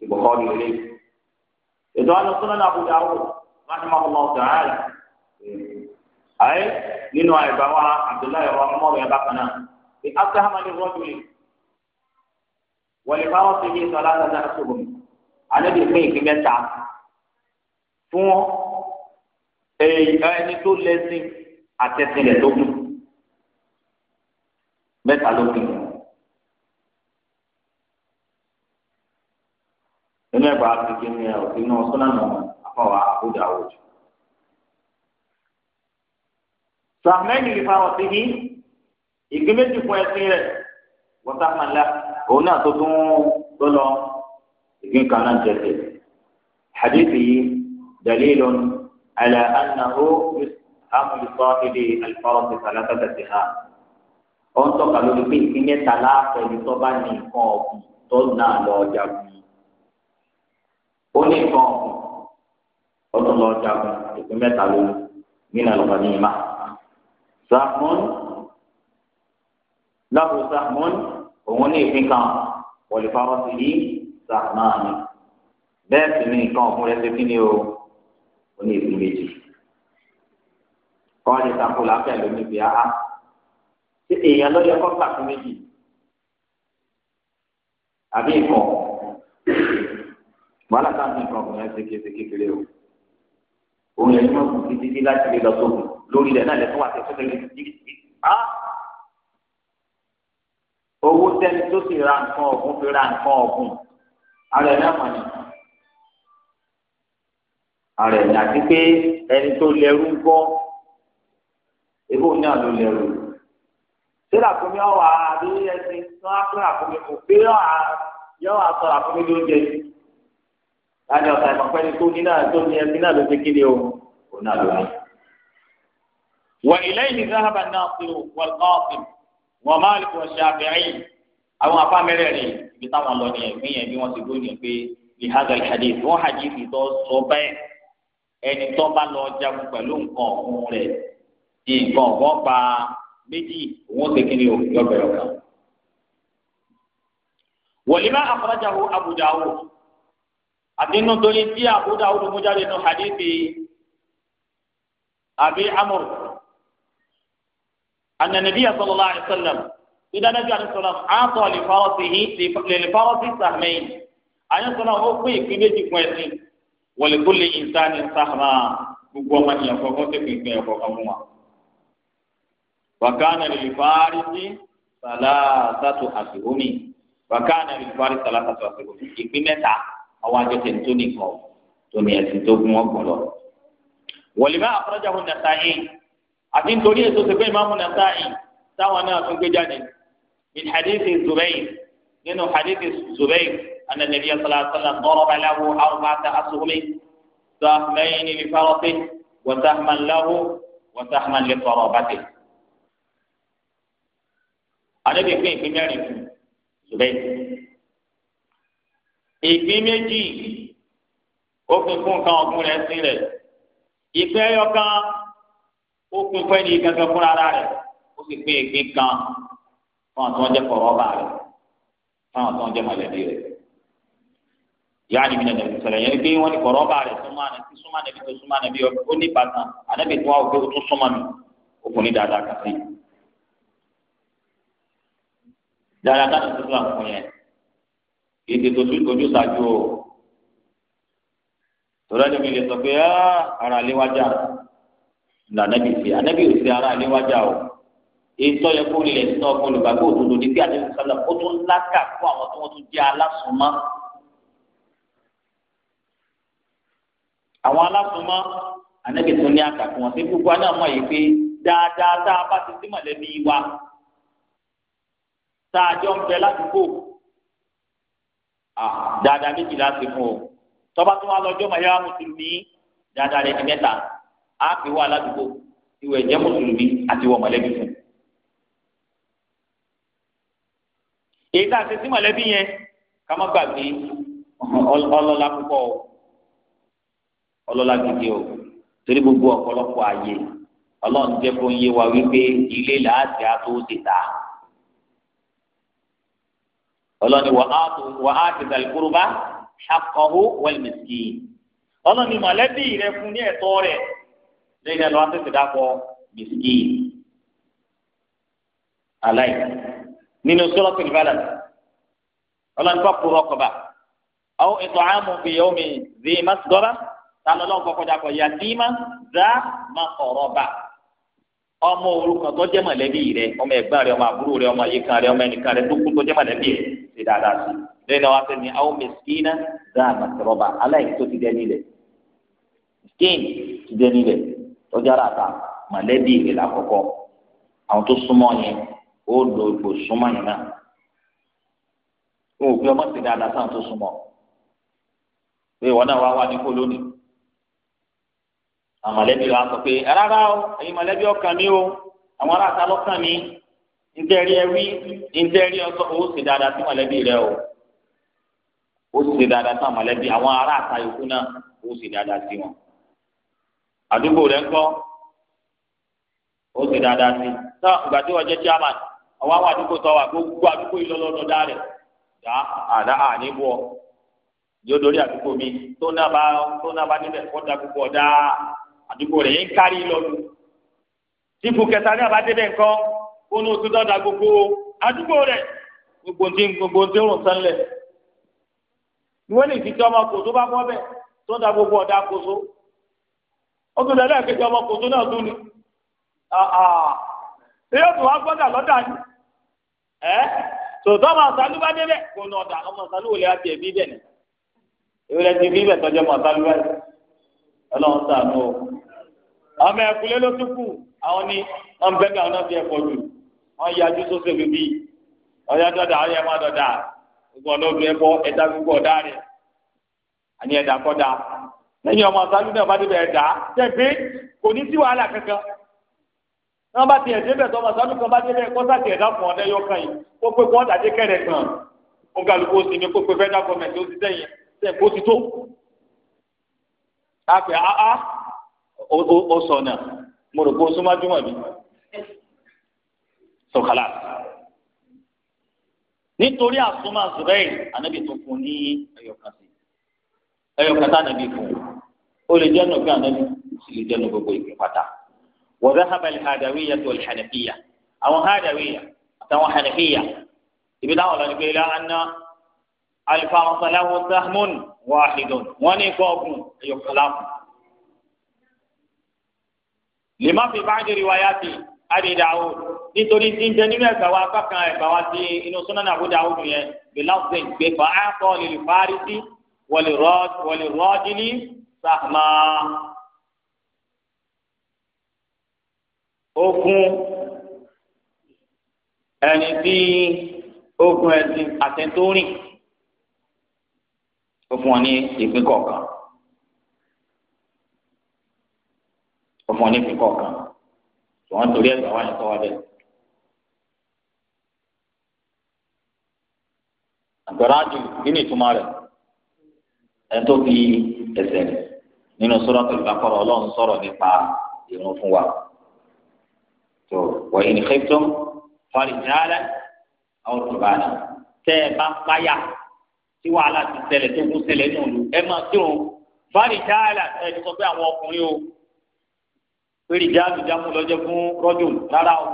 ìbùkọ́ mi lélẹ́yìn ètò àwọn sunan Abu Dawud rahimahullahu ta'ala ayé nínú àìbá wa abdullahi wa ọmọọrọ yẹn bákan náà bí abdulhamma ni wọn jùlẹ wọlé báwọn fi yé sọlá sọlá sọgbọn alẹ́ bí pín ìpín mẹ́ta fún ẹni tó lẹ́sìn àtẹ̀sìn rẹ̀ tó kù mẹ́ta ló kù. nínú ẹgbà àfikún ní ẹ òfin náà sọnàmù àfọwà àbúdà òjò. sàmẹ́yìn ìfà ọ̀sìn yìí ìgbé méjì fún ẹsìn rẹ̀ wọ́tàmọ́lá òun náà tó tún lọ́lọ́ ìgbé kan náà jẹ́sẹ̀. hadith yìí dalilun ala annahu yusamu lisahibi alfarasi salatata siha. ó ń tọ́ka lórí pé ìpínlẹ̀ tàlá pẹ̀lú tó ní nǹkan ọ̀gbìn tó náà lọ jagun ó ní nǹkan ọdún lọ jagun ìpín mẹ́ta ló nínú àlọ́kọ̀ ní ìmá sàmún láàbò sàmún òun ní ìpín kan wọ̀lìfàwọ́ sí ní sàmáàmì bẹ́ẹ̀ sì ni nǹkan ọ̀kùnrin ẹsẹ̀ kí ni o ó ní ìpín méjì kọ́ ọ́ ní ló ní bí a ṣe èèyàn ló yẹ kọ́ méjì àbí nǹkan wàhálà táwọn nǹkan ọkùnrin ṣe kéṣe kékeré o òun yẹn ní wọn kù títí tí láti lè lọ sókun lórí rẹ náà lẹsùn wà tẹsán lórí rẹ á owó tẹni tó sì ra nǹkan ọ̀gùn fi ra nǹkan ọ̀gùn ara ẹ̀ náà mọ̀ ni ara ẹ̀ àti pé ẹni tó lẹ́rú ń gbọ́ ebó náà ló lẹ́rú ṣé làkúnmí ọ̀wà àbí ẹsìn tí á fún làkúnmí kò pé yọ̀ àtọ̀ làkúnmí lóúnjẹ yìí láti ọ̀sán ìmọ̀pẹ́ni tó ní náà tó ní ẹbí náà ló ti kéde o kò náà ló ní. wà ilayhi dhahaba an-Nasir wal-Qasim wa Malik wa Shafi'i àwọn afámẹ́rẹ̀ rẹ̀ ibi táwọn lọ nìyẹn fi yẹn bí wọ́n ti gbó yẹn pé ìhàgà hadith wọ́n hadith tó sọ bẹ́ẹ̀ ẹni tó bá lọ jagun pẹ̀lú nǹkan ọ̀hún rẹ̀ di nǹkan ọ̀gbọ́n pa méjì òun ti kéde o yọ̀bẹ̀rẹ̀ kan. wa lima akhrajahu Abu Dawud àti inú torí tí Abu Dawud mú jáde nù hadithi àbí amúr ananabiya sallallahu alayhi wa sallam ìdáná bí alẹ́ sọ̀rọ̀ àtọ̀ lè fọ́rọ́sì yìí lè fọ́rọ́sì sàmẹ́yìn alẹ́ sọ̀rọ̀ ó pé ìpín méjì fún ẹ̀sìn wọlé kó lè gbogbo ọmọ nìyẹn kọ̀ọ̀kan tó fi gbìn ẹ̀kọ́ kan fún wa. wàkàna lè fárí sí sàlá sàtò àsìkò mi wàkàna lè fárí ọwọ́ àjọṣe tó nìkan tó ní ẹ̀sìn tó gún ọgbọ̀n lọ. wọ̀lìmọ́ àkọ́jọ́hu nàṣàyè àti nítorí èso sèpé ìmáàmù nàṣàyè táwọn náà tún gbé jáde min hadithi zubayr nínú hadithi zubayr ananabi asalasala nọrọba lahu arbaata asumi sahmaini li farasi wa sahman lahu wa sahman fún zubayr ìgbín méjì ó fi fún nǹkan ọ̀gbìn rẹ̀ sí rẹ̀ ìgbẹ́ ẹyọkan ó fi fún ẹni gangan fúnra rẹ̀ ó sì pé ìgbín kan fún àwọn tó ń jẹ́ kọ̀rọ̀ọ́bà rẹ̀ fún àwọn tó ń jẹ́ mọ̀lẹ́bí rẹ̀ yaani mi nana bisala yẹn pé wọn ni kọ̀rọ̀ọ́bà rẹ̀ súnmọ́ àná tí súnmọ́ ànábi tó súnmọ́ ànábi ó ní ìbátan ànábi tó wà ó pé ó tún súnmọ́ mi ó kún ní dáadáa kan dáadáa kan tó tó àwọn yẹn ètè tó fi ojú ṣáájú o tọ́lá níbi lè sọ pé ara léwájà lànàbì sí ànàbì ò sí ara léwájà o ètò yẹ kó lè sọ fún olùgbàgbọ́ òdodo ní bí àdéhùn sálà ó tún lákà fún àwọn tí wọ́n tún jẹ́ alásùnmọ́. àwọn alásùnmọ́ ànàbì tún ní àkàkùn wọn sí gbogbo àná mọ̀ yìí pé dáadáa tá a bá ti sí mọ̀lẹ́bí wa tá a jọ ń bẹ ládùúgbò. Ah, dáadáa méjì láti fún o tọ́ba tó wá lọ́jọ́ mọ̀ yára mùsùlùmí dáadáa rẹ̀ ní mẹ́ta á fi wá aládùúgbò ìwẹ̀ jẹ́ mùsùlùmí àti wọ mọ̀lẹ́bí fún. èyí tá a ṣe sí mọ̀lẹ́bí yẹn ká má gbàgbé ọlọ́lá púpọ̀ o gidi o torí gbogbo ọ̀pọ̀lọpọ̀ ààyè ọlọ́run jẹ́ kó yé wa wípé ilé làásì á tó ṣe ta ọlọ́ni wà á ti dàlùkúrúbá akọ̀hu wẹ́lmìsì ọlọ́ni mọ̀lẹ́bí rẹ fún ní ẹ̀tọ́ rẹ lẹ́yìn ẹ̀lọ́ àti ìdàpọ̀ mìsì aláì nínú sọ́lọ́tì ìbálẹ̀ ọlọ́ni kọ́ kúrò ọkọ̀ba àwọn ètò àmú bìí omi zi masdọ́ra tàlọ́ lọ́wọ́ kọ́kọ́dà kọ́ yàtìmá zá makọ̀rọ̀ba ọmọ orúkọ tó jẹ́ mọ̀lẹ́bí rẹ ọmọ ẹ̀gbọ́n rẹ ọmọ àbúrò rẹ ọmọ àyíká rẹ ọmọ ẹnìkan rẹ tó kú tó jẹ́ mọ̀lẹ́bí rẹ ṣe dáadáa sí lẹ́yìn náà wá fẹ́ mi àwọn mẹsìkínà dáa màtìrọ́bà aláìsí tó ti dẹ́ nílẹ̀ mẹsìkín ti dẹ́ nílẹ̀ ọjà ràtà mọ̀lẹ́bí rẹ̀ lákọ̀ọ́kọ́ àwọn tó súnmọ́ yẹn ó lo ipò súnmọ́ yẹn náà wọn ò fi ọmọ sí dáadáa sáà tó súnmọ́ pé ìwọ náà wá wà ní kó lónìí àwọn sọ pé rárá o ẹ̀yin mọ̀lẹ́bí ọkàn mi o àwọn aráàta lọ́kàn mi. ntẹ̀rí ẹ̀wí ntẹ̀rí ọ̀sọ́ ó sì dáadáa sí mọ̀lẹ́bí rẹ o ó sì dáadáa sí mọ̀lẹ́bí àwọn ará àta náà o si dada sí wọn. àdúgbò rẹ ńkọ́ o si dada sí tó ìgbà tí chairman àwọn àwọn àdúgbò tó wà gbogbo àdúgbò da gbogbo àdúgbò kó ní oṣù dáadáa gbogbo àdúgbò rẹ̀ gbogbo ti gbogbo ti rùn sánlẹ̀ ìwé ní ìdíje ọmọ kòtó bá bọ́ bẹ́ẹ̀ tó da gbogbo ọ̀dà kòtó ó tún dẹ̀ lẹ́ẹ̀kejì ọmọ kòtó náà tún ni yóò tún wá gbọ́dọ̀ lọ́dà ni ẹ́ tòótọ́ ọmọ àṣálù bá débẹ̀ kò ní ọ̀dà ọmọ àṣálù wò lè á tiẹ̀ bí bẹ̀ ni ìwúrẹ́ ti bí bẹ̀ tọ́jú ọmọ àṣálù báyìí ọlọ́run sàánú o ọmọ ẹ̀kúlé ló tún kù àwọn ní ọmọ náà ti ẹ̀kọ́ jù wọ́n yájú sósè bíbí ọ̀yá dọ̀dà ọ̀yá má dọ̀dà gbogbo ọlọ́dún ẹ̀kọ́ ẹ̀dá gbogbo ọ̀dá rẹ̀ àní ẹ̀dá kọ́dà lẹ́yìn ọmọ ọ̀sájú náà bá débẹ̀ ẹ̀dá tẹ̀gbé kò ní sí wàhálà kankan náà bá tiẹ̀ débẹ̀ tọmọ ọ̀sájú kan bá débẹ̀ ẹ̀kọ́ sàtì ẹ̀dá fún ọ̀dẹ́ yọkàn yìí kó pé kó ọ̀dà dékẹ̀rẹ̀ kan ó kálukú sí ni kó pé fẹ́dà gọ́ọ̀mẹ̀ntì ó ti sẹ́yìn sẹ́yìn kó ti tó. a pè á á ó sọ̀nà mo rò pé ó súnmọ́ sọ̀kàlà. nítorí àsomọ́ Zubair anábì tó fún ní ẹyọkan sí ẹyọkan tá anábì fún ó lè jẹ́ nùgbẹ́ anábì sì lè jẹ́ nù gbogbo ìpín pátá. wọ́n bẹ́ hábàlì hàdàwíyà tó lè hànàfíyà àwọn hàdàwíyà àtàwọn hànàfíyà ibi táwọn lọ ní pé ilá aná alifarasalahu sahmun wahidun wọn ní gbọgùn ẹyọkan láàfún. lè má fi bá ń jẹ riwayati abi dawud nítorí tí ń bẹ nínú ẹgbà wa apá kan ẹgbà wa ti inú sunan abu dawud yẹn bilawusi gbé fa akọ lili farisi wọlé rọdìlì sàmà ogun ẹni tí ogun ẹsìn àtẹntórìn ogun ọ ní ìpín kọ̀ọ̀kan ogun ọ ní ìpín kọ̀ọ̀kan wọn torí ẹgbà wá ní tọwọ bẹ. àgbàràjù nínú ìtumọ̀ rẹ̀ ẹni tó fi ẹsẹ̀ rẹ̀ nínú Suratul Baqara ọlọ́run sọ̀rọ̀ nípa ìrun fún wa. tó wa in khiftum farijalan aw ruhbana tẹ́ ẹ bá páyà tí wàhálà ti ṣẹlẹ̀ tó kú ṣẹlẹ̀ nínú ẹ máa kírun farijalan ẹ ti sọ pé àwọn ọkùnrin o. pé rìjáàlù jámù lọ́jọ́ fún rọ́jò rárá o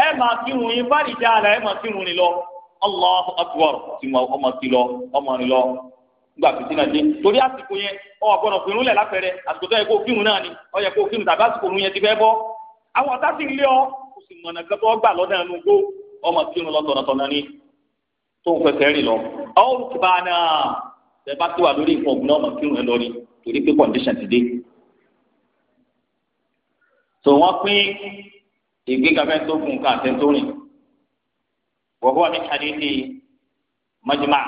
ẹ máa kírun yín bá rìjáàlù ẹ máa kírun ni lọ Allahu akbar tí wọn ọmọ ti lọ ọmọ ni lọ gba fìtínà dé torí àsìkò yẹn ọ gbọ́dọ̀ fìrún lẹ àsìkò tó yẹ kó kírun náà ni ọ yẹ kó kírun tàbí àsìkò yẹn ti fẹ́ bọ́ àwọn ọ̀tá sì ń lé ọ kò sì mọ̀nà gbà lọ́dọ̀ ẹnu gbó ọmọ kírun ni tó ń fẹsẹ̀ rìn lọ. bá tó wà lórí náà ọmọ kírun ẹ lọ rí torí pé ti dé so wọ́n pín ìgbéga fẹ́ tó gun káàtẹ tó rìn wọwọ mi hadithi majma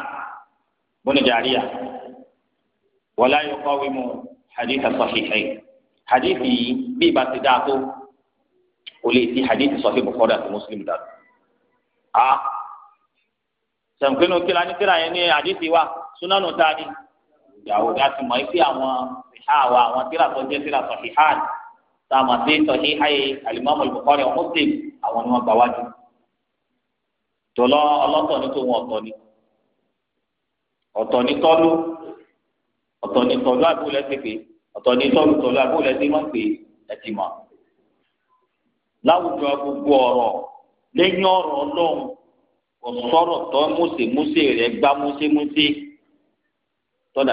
bóni jàríya wọlá yóò kọwé mu hadith sọhíhẹ hadithi yìí bí ibà ti dáa tó o lè ti hadithi sọhí bukhari àti muslim dà a sẹ̀ǹkínú kíra ní kíra yẹn ní hadithi wa sunanu taani ìyàwó láti mọ̀ ẹ́ sí àwọn ìhà wa àwọn kíra tó jẹ́ kíra sọhíhàn tá a mọ̀ sí sọ̀hí ayé alimami Bukhari wa Muslim àwọn ni wọ́n gbà wájú tòlọ́ ọlọ́tọ̀ ní tòun ọ̀tọ̀ ni ọ̀tọ̀ ní tọ́lú ọ̀tọ̀ ní tọ́lú àbúlẹ̀ ti pè ọ̀tọ̀ ní tọ́lú tọ́lú àbúlẹ̀ ti mọ̀ pé ẹ ti mọ̀ láwùjọ gbogbo ọ̀rọ̀ lẹ́yìn ọ̀rọ̀ ọlọ́run ọ̀sọ́rọ̀ tọ́ mùsèmùsè rẹ̀ gbá mùsèmùsè tọ́lá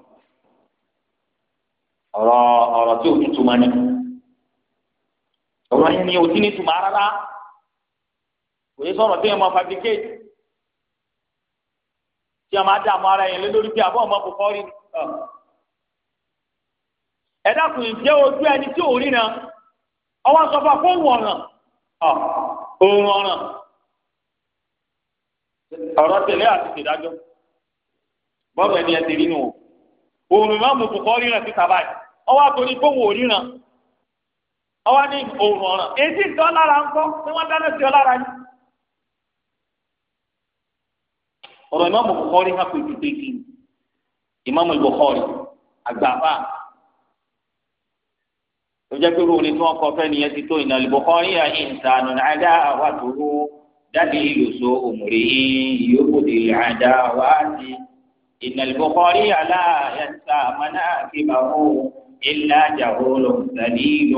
ọ̀rọ̀ ọ̀rọ̀ tí òtún tuma ni ọ̀rọ̀ yẹn ni òtí ni tuma rárá kò yẹ sọ̀rọ̀ tí yẹn máa fabricate tí yẹn máa dààmú ara yẹn lé lórí pé àbọ̀ ọmọ kò kọ́rí ẹ dákun ìjẹ́ ojú ẹni tí ò ríran ọwọ́ sọ fún akóhùn ọ̀ràn òun ọ̀ràn ọ̀rọ̀ tẹ̀lé àti tẹ̀dájọ́ bọ́ọ̀rù ẹni ẹ ti rí nù o òun ìmọ̀ àmùkù kọ́ ríran síta báyìí ọwọ́ àtòrí gbóhùn òríran ọwọ́ ní òòrùn ọ̀ràn èyí ń tọ́ lára ń kọ́ tí wọ́n dáná sí ọ lára ni. ọ̀rọ̀ ìmáàmù Bukhari hàn pèpè pèpè ìmáàmù Bukhari àgbàfà tó jẹ́ pé rúurin tí wọ́n kọ fẹ́ nìyẹn ti tó ìnà Bukhari yà ìsànù àdá àwa tòró dábì ìlòsó òmùrè yòókù di àdá àwa ti ìnà Bukhari yà láàyè sàmánà àkébàwò. إلا جهول سليل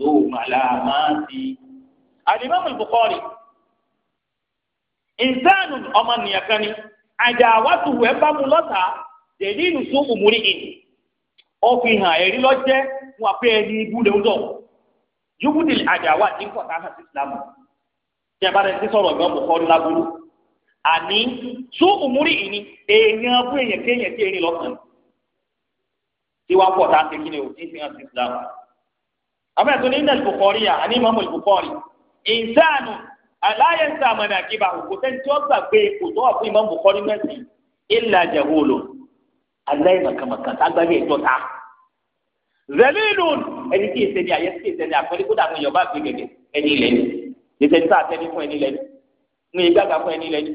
ذو ملامات الإمام البخاري إنسان أمن يكني عداوته وبملتا دليل سوء مرئ ó fi hàn ẹ̀rí lọ́jẹ́ fún apẹ́ ẹni ibú lè ń lọ. yúkúdì àdàwà ní kọ̀tà náà sí islam tí a bá rẹ̀ sí sọ̀rọ̀ ìgbọ́n bùkọ́ ńlá burú. àní tó òmùrí ìní èèyàn abú èèyàn kéèyàn tí erin lọ́kàn tí wàá pọ̀ tá a ti kí ni o ní fi hàn sí islam. àmọ́ ẹ̀sùn ní ilẹ̀ Bukhari yà àní Imam Bukhari ìsánu aláyẹ̀nsá àmọ́ni àkíbà kò sẹ́ni tí wọ́n gbàgbé kò tó wà fún Imam Bukhari mẹ́sì ìlà jẹ̀wọ́lò aláìmọ̀kànmọ̀kàn tágbàgbé ìtọ́ta. zẹ̀lílùn ẹni tí ìsẹ̀ni àyẹ̀ sí ìsẹ̀ni àpẹẹrẹ kó dàgbé yọ̀bá àgbẹ̀ gẹ̀gẹ̀ ẹni ilẹ̀ ni ìsẹ̀ni tá fún ẹni ilẹ̀ ni ìgbàgbà fún ẹni ilẹ̀ ni.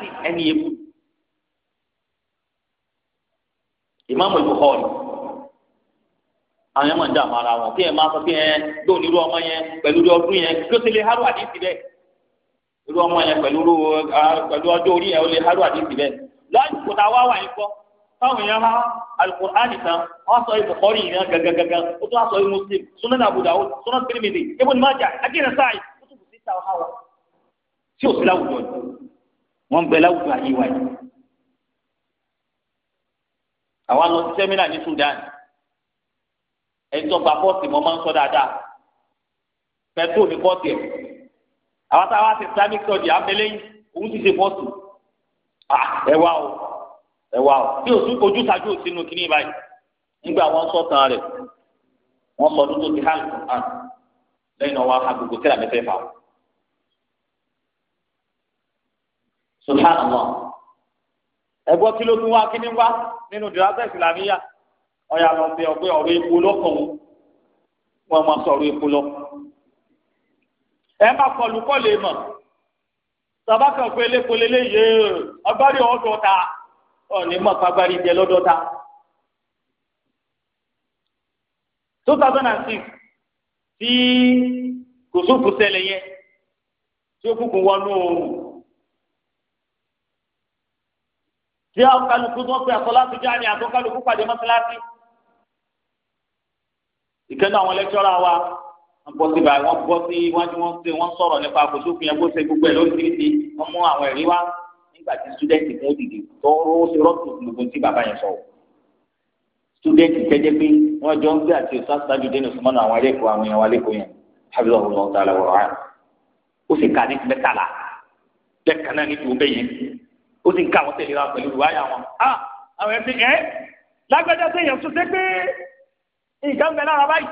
ti ẹni yẹn ìmáàmù Bukhari àwọn ẹ̀mọ́ ń dà mara wọn kí ẹ máa sọ pé ẹ lóun irú ọmọ yẹn pẹ̀lú ọdún yẹn kí ó ti lè hárò àdìsí bẹ́ẹ̀ irú ọmọ yẹn pẹ̀lú ọjọ́ orí yẹn ó lè hárò àdìsí bẹ́ẹ̀ láti kò tá a wá wà yín kọ́ táwọn èèyàn ha alukur'ani tán wọn sọ ibò kọrin yìí náà gangan ó tún wá sọ ibò muslim sunan abu dawud ó tún kù sí ìta ọha wa àwọn àna ti sẹ́mínà ní Sudan ẹ̀ńtọ́ gba bọ́ọ̀sì mọ́ máa ń sọ dáadáa pẹ̀tù ní bọ́ọ̀sì ẹ̀ àwọn táwa ti Islamic study amẹ́lẹ́yìn òun ti ṣe bọ́ọ̀sì ẹ wá o ẹ wá o bí òsú ojú sájú òsínú kínní báyìí nígbà wọn sọ tán rẹ wọn sọ ọdún tó ti hàn án lẹ́yìn náà wọn á gbogbo tẹ́lẹ̀ mẹ́fẹ́ fà subhanallah ẹgbọ́ kí ló tún wá kí ni wá nínú dìrásẹ́ ìsìlámíyà ọ̀yà lọ sí ọgbẹ́ ọ̀rọ̀ epo lọ́kàn wọn máa sọ̀rọ̀ epo lọ. ẹ má kọlu kọ́ lè mọ̀ sàbákan pé elépo lélẹ́yẹ ọgbárí ọ̀dọ́ta ọ̀ní mọ̀ fagbárí jẹ lọ́dọ́ta. two thousand and six tí kòsófù ṣẹlẹ̀ yẹn tí ó kúkú wọnú oòrùn. tí àwọn kálukú tó ń pè àtọ́lá tó jáde àtọ́ kálukú pàdé mọ́sálásí. ìkẹ́nu àwọn lẹ́kítọ́rà wa wọ́n bọ́ sí báyìí wọ́n bọ́ sí iwájú wọn ṣe wọ́n sọ̀rọ̀ nípa àkóṣókùn yẹn bó ṣe gbogbo ẹ̀ lóṣìṣì wọ́n mú àwọn ẹ̀rí wá nígbà tí sùdẹ́ǹtì kan dìde tọ́rọ ó ṣe rọ́ọ̀tù gbogbo tí bàbá yẹn sọ. sùdẹ́ǹtì kẹjẹ pé wọ́n jọ ń gbé àti ọ̀sán ṣáájú dénú sọmọ́nà àwọn ẹlẹ́kọ̀ọ́ àwọn èèyàn wa lẹ́kọ̀ọ́ yẹn hábílà ọ̀hún ọ̀tá àlàwọ̀ rà ó sì ká ní mẹ́tàlá bẹ́ẹ̀ kan náà ó sì ń ká àwọn tẹ̀lé ra pẹ̀lú ìwáyà wọn. Ah, àwọn ẹbí ẹ lágbájá sí èèyàn tó ṣe pé nǹkan bẹ lára báyìí.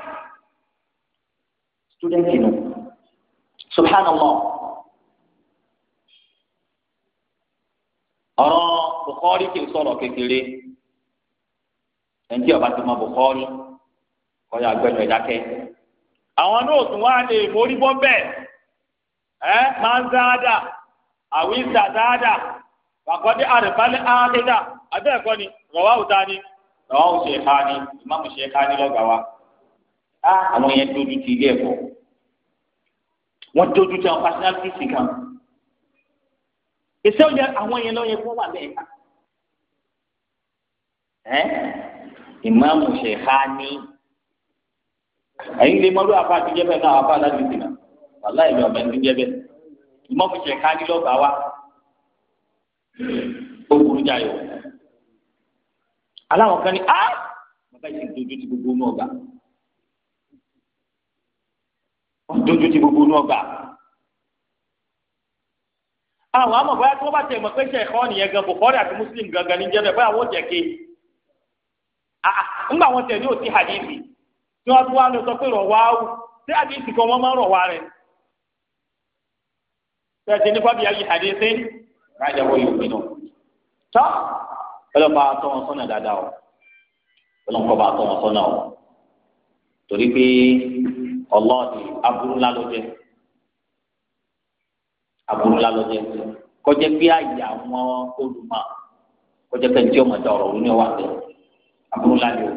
student nù subhanallah ọ̀rọ̀ Bukhari kì í sọ̀rọ̀ kékeré ẹni tí ọba ti mọ Bukhari kọ́ya gbẹ́nu ẹ̀dá kẹ́ àwọn náà tún wá lè mórí bọ́ bẹ́ẹ̀ ẹ́ máa ń záádà àwìn sàdáádà fàkọ́dé àrèbálẹ̀ àádẹ́dà abẹ́ ẹ̀kọ́ ni rọ̀wá òta ni rọ̀wá òṣè ha ni ìmáàmù ṣe ha ni lọ́gàá wa. á àwọn yẹn dojú ti ilé ẹ̀kọ́ wọ́n dojú ti àwọn personality kan. ìṣe òye àwọn yẹn lọ́yẹ fún wà bẹ́ẹ̀ ká. ẹ́ ìmáàmù ṣe ha ni ẹ̀yin lè mọ́lú àfa àtijọ́ bẹ́ẹ̀ náà àfa àdájú ti nà wàláì lọ́ọ̀bẹ̀ ń díjẹ́ bẹ́ẹ̀ ìmáàmù ṣe ha ni lọ́gàá wa. ó burú jáyọ aláwọn kan ni á bàbá yìí dojú ti gbogbo inú ọgbà dojú ti gbogbo inú ọgbà àwọn àmọ̀ bóyá tí wọ́n bá tẹ̀ mọ̀ pé ṣe ẹ̀kọ́ nìyẹn gan bùkọ́rẹ́ àti muslim gangan ní bóyá ké wọn ní hadithi tí sọ pé wá tí hadithi kan máa rájà wọ́n yóò pinnu tọ́ ọlọ́pàá tọ́ wọn sọ́nà dáadáa o ọlọ́pàá bá tọ́ wọn sọ́nà o torí pé ọlọ́ọ̀dì aburú ńlá ló jẹ aburú ńlá ló jẹ kọjá pé àyè àwọn olùmọ̀ kọjá pé ǹjẹ́ ọmọdé ọ̀rọ̀ òun ni wà bẹ́ẹ̀ aburú ńlá ni o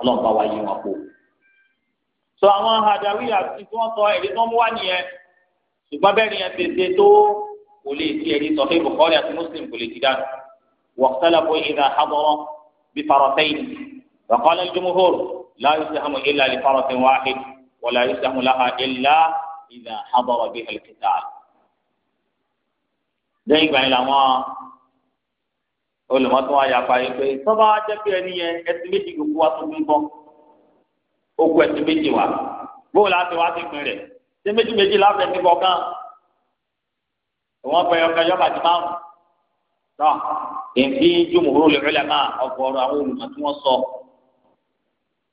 ọlọ́ọ̀bá wa yí wọn kó sọ àwọn àdàwí tí wọ́n sọ èdè tí wọ́n wá nìyẹn ṣùgbọ́n bẹ́ẹ̀ tètè tó kò lè ti ẹ̀rí sọ̀hí bukhari àti muslim kò lè ti dànù waqtalafu idha hadara bí faratayn wa qala al-jumhur la yusahamu illa li faratin wahid wa la yusahamu laha illa idha hadara biha al-qital. lẹ́yìn ìgbà yẹn làwọn olùmọ̀tún ayàpá yìí pé sọ́ba jẹ́ pé ẹni yẹn ẹsìn méjì gbogbo wa tó ń bọ́ ó kú ẹsìn méjì wá ti wọn fẹ ọkọ yọba ti máa ń tọ èyí jùmùhúrú lè rẹlẹ máa ọgọ́rọ̀ àwọn olùmọ̀ tí wọn sọ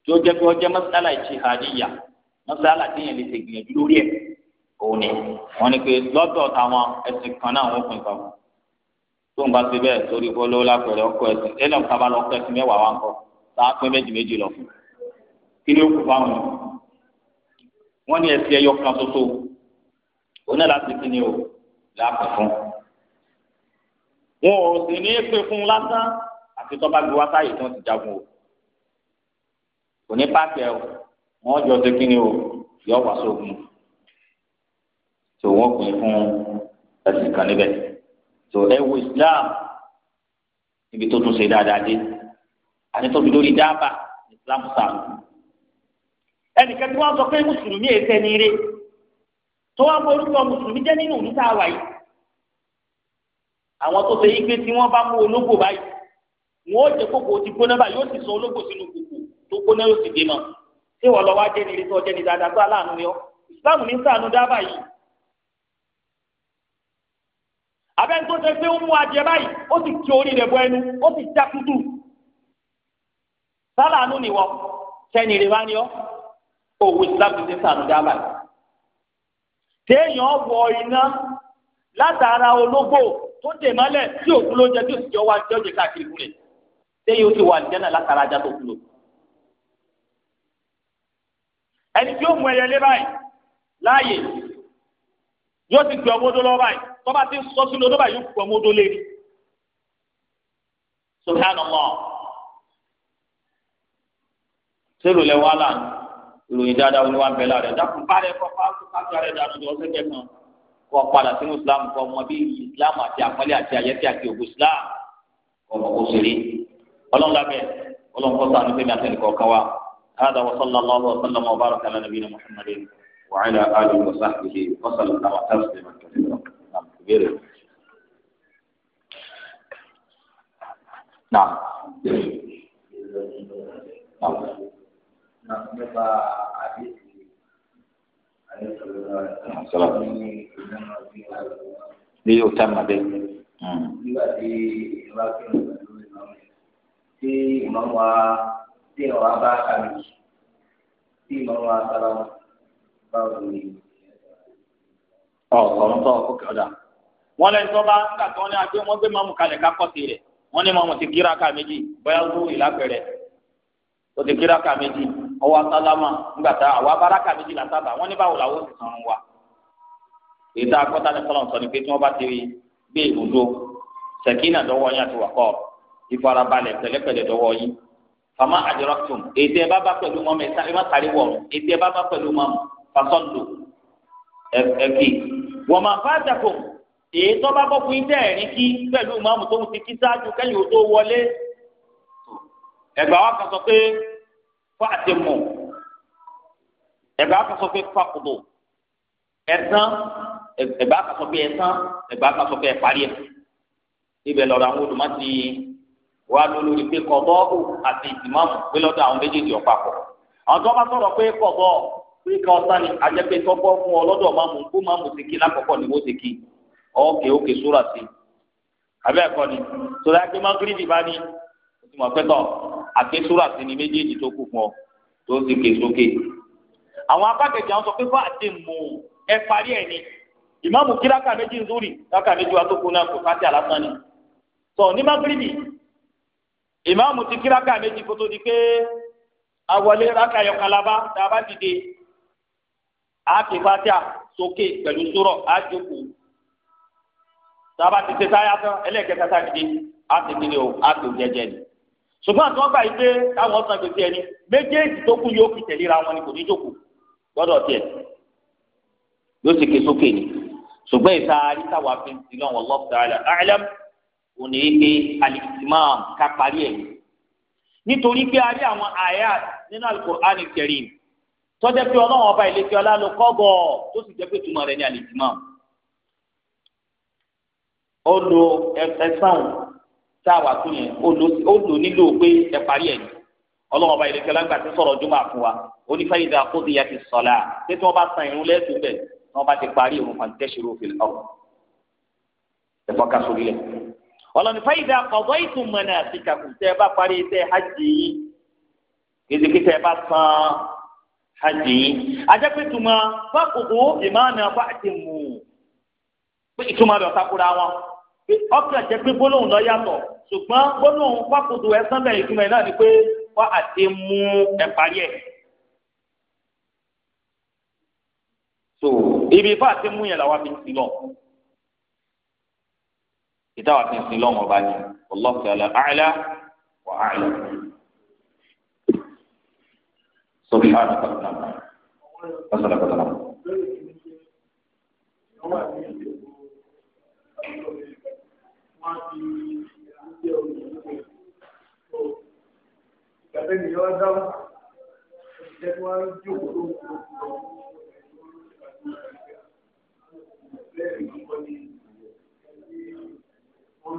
tí ó jẹ pé ọjẹ mọsálà ìṣèhàdíyà mọsálà tíyẹn lè ṣègbìyànjú lórí ẹ òun ni wọn ni pé lọ́dọ̀ táwọn ẹsìn kan náà wọn fún ìgbà wọn tó ń bá ṣe bẹ́ẹ̀ torí kó ló lápẹẹrẹ ọkọ ẹsìn ẹnì kan bá lọ ọkọ ẹsìn mẹ́wàá wa ń kọ tá a méjì méjì lọ kí ni ó kù fáwọn wọn ni ẹsìn ẹyọ kan ṣoṣo òun náà láti kí ni o láàpẹ fún wọn ò sì ní pè fún lásán àti tọ́ba gbé wá sáyé tí wọ́n ti jagun o kò ní páàkì ẹ o wọ́n jọ ṣe kí ni o yọ wá sóògùn tó wọ́n pè fún ẹ̀sìn kan níbẹ̀ tó ẹ wo Islam níbi tó tún ṣe dáadáa dé àti lórí dáàbà Islam sáà ẹnìkan tí wọ́n sọ pé mùsùlùmí èsẹ̀ ní ire tó wá borúkọ mùsùlùmí jẹ́ nínú ìlú tá a wà yìí àwọn tó ṣe yí pé tí wọ́n bá mú ológbò báyìí wọ́n ó jẹ́ kókò tí gbóná báyìí yóò sì sọ ológbò sínú kòkò tó gbóná yóò sì dé mọ́ tí wọ́n lọ wá jẹ́ ní ìrètí ọjẹ́ ní dáadáa tó aláàánú yọ ìsìláàmù ní ṣàánú dábàá yìí abẹ́ni tó ṣe pé ó mú adìẹ báyìí ó sì ti orí rẹ̀ bọ ẹnu ó sì já kútù sálàánú nìwọ sẹ́ni rẹ̀ wá ní ọ́ òwò ìsìláàmù ní ṣàánú dábàá yìí téèyàn wọ iná látara ológbò tó dè mọ́lẹ̀ tí òkú ló jẹ tí òsì jọ wá jẹ́ òjè káàkiri kúrẹ̀ téèyàn ó ti wà àlùjànnà látara ajá tó kú lò. ẹni tí ó mú ẹyẹlé báyìí láàyè yóò ti gbé ọmọdé lọ báyìí tó bá ti sọ sínú odó báyìí yóò gbé ọmọdé lé ní. subhanallah. sẹ́lù lẹ́wọ́ aláàánú ìròyìn dáadáa olúwa ń bẹ lára ẹ dákun bá rẹ kọ fáwọn kájú rẹ dànù jọ ọsẹ kẹfọn kọ padà sínú islam kọ mọ bí islam àti àpọlẹ àti àyẹtí àti ògùn islam kọ mọ kó ṣeré ọlọ́run lábẹ́ ọlọ́run kọ sànú fẹmi àti ẹnìkan kan wa هذا وصلى الله وسلم وبارك على نبينا محمد وعلى اله وصحبه وسلم تسليما كثيرا نعم كبير نعم نعم nípa àdéhùn àdéhùn ọ̀rọ̀ ní yóò tá màdé. Hmm. nígbà tí ìwà kí n lò lórí tí ìmọ̀ wa tí ìwà bá kàmì tí ìmọ̀ wa sára báwo ni. ọ̀sán tó o kò dà wọ́n lẹ́yìn tó bá ń gbà ní agbé wọ́n gbé mọ́mù kalẹ̀ ká sí rẹ̀ wọ́n ní mọ́mù ti kíra ká méjì bóyá ó tó ìlà pẹ̀rẹ̀ ó ti kíra ká méjì ọwọ́ sálámà nígbà tá àwọn abáraka méjìlá sábà wọ́n ní báwo làwọn ti sọ̀rọ̀ wa. ètò akọ́tà ní sọ́lọ̀ sọ ni pé tí wọ́n bá ti gbé ìrúdó sẹ̀kínà dọ́wọ́ yín àti wàkọ́ ìfarabalẹ̀ pẹ̀lẹ́pẹ̀lẹ́ dọ́wọ́ yín. fama adiraktum ètò ẹ bá bá pẹ̀lú mọ́mọ́ ẹ má kárí wọ̀rùn ètò ẹ bá bá pẹ̀lú mọ́mọ́ fasọ́ndò ẹ̀kì. wọ́n máa bá dàpọ̀ ètò bá bọ́ fún iṣẹ́ ẹ̀rín kí pẹ̀lú mọ́mọ́ tó ń ti kí sáájú kẹ́yìn ò tó wọlé. ẹ̀gbà wa kan sọ pé fáàtì mọ ẹgbẹ́ akásọ pé fàkùdù ẹ̀sán ẹgbẹ́ akásọ pé ẹ̀sán ẹgbẹ́ akásọ pé ẹ̀parí ẹ̀ ibẹ̀ lọ́dọ̀ àwọn olùmọ̀tì wà lórí pé kọ̀bọ́ọ̀bù àti ìtìmọ́ọ̀mù pé lọ́dọ̀ àwọn méjèèjì ọ̀pápọ̀ àwọn tó bá sọ̀rọ̀ pé kọ̀bọ́ pé ká ọ̀sán ni àjẹpẹ́ tọ́gbọ́ fún ọ lọ́dọ̀ máàmù kó máàmù ti kí lákọ̀ọ́kọ́ ni wọ́n ti kí ọ̀ọ́kè ókè sóra sí i àbẹ́ ẹ̀kọ́ ni sọ̀rọ̀ àgbẹ̀ máa ń gírídì bá ní ìtumọ̀ pẹ́tọ̀ àkésúrà sí ni méjèèjì tó kù fún ọ tó sì ké sókè. àwọn abákẹ́jì àwọn sọ pé fún àdèmù ẹ parí ẹ̀ ni ìmáàmù kí rákà méjì ń zúrì rákà méjì wa tó kù náà kò fásitì àlásán ni. sọ ní mágírìbì ìmáàmù ti kí rákà méjì kó tó di pé awọlé rákà yọkànlábá tá a bá dìde a ti fásitì sókè pẹ̀lú sórọ̀ a jókòó tá a bá ti ṣe táyà tán ẹlẹ́ẹ̀kẹta tá a dìde a ti dìde o a tó jẹjẹ ni ṣùgbọ́n àti wọ́n gbà yí pé táwọn san gbèsè ẹni méjèèjì tó kù yóò fi tẹ̀léra wọn ni kò ní jókòó gbọ́dọ̀ tiẹ̀ yóò sì ké sókè ni ṣùgbọ́n ìta àríṣàwà fi ń sin náà wọ́n lọ́ọ̀tà àlẹ́m kò ní í pé alìsímàm ká parí ẹ̀ nítorí pé a rí àwọn àyà nínú Al-Qur'an Al-Karim pé ọlọ́run ọba ìlẹ́kẹ́ ọlá ló kọ́gọ̀ tó sì jẹ́ pé túmọ̀ rẹ̀ ní alìsímàm ó lo ẹ̀fẹ́ sáwọn tá a wà tó yẹn ó lò nílò pé ẹ parí ẹ̀ ní ọlọ́wọ́n ọba ìrèké lágbà tí sọ̀rọ̀ ọdún máa fún wa onífàyèdè àkóso ya ti sọ̀la pé tí wọ́n bá san irun lẹ́sùn bẹ̀ tí wọ́n bá ti parí irun kan tẹ́sírò òfin ọ̀rọ̀ ẹ̀fọ́ ká sórí lẹ̀. ọlọ́nifàyèdè àkọ́bọ́ ìtumọ̀ náà ti kàkùn tẹ́ ẹ bá parí tẹ́ hajj yìí kéde tẹ́ ẹ bá san hajj yìí ajẹ́pẹ́ tuma fákòkò ìmáàna fáàtì mù pé ìtumọ̀ ọkàn jẹ́ pé gbólóhùn lọ yàtọ̀ ṣùgbọ́n gbólóhùn fákòtò ẹsán bẹ̀rẹ̀ ìtumọ̀ náà ni pé wọ́n àti mú ẹ parí so ibi ifá àti mú yẹn làwọn fi ń sin lọ ìtawà fi ń sin lọ wọn bá ní ọlọ́ọ̀tì ọ̀la àìlá wà àìlá. سبحانك اللهم وبحمدك wọ́n ti jẹ́ olùdókòwò. Ìgbàgbé mi yọ dáhùn, ìjẹ́ tí wọ́n ń jókòó ló ń kó lọ. Bẹ́ẹ̀ ni wọ́n ní wọ́n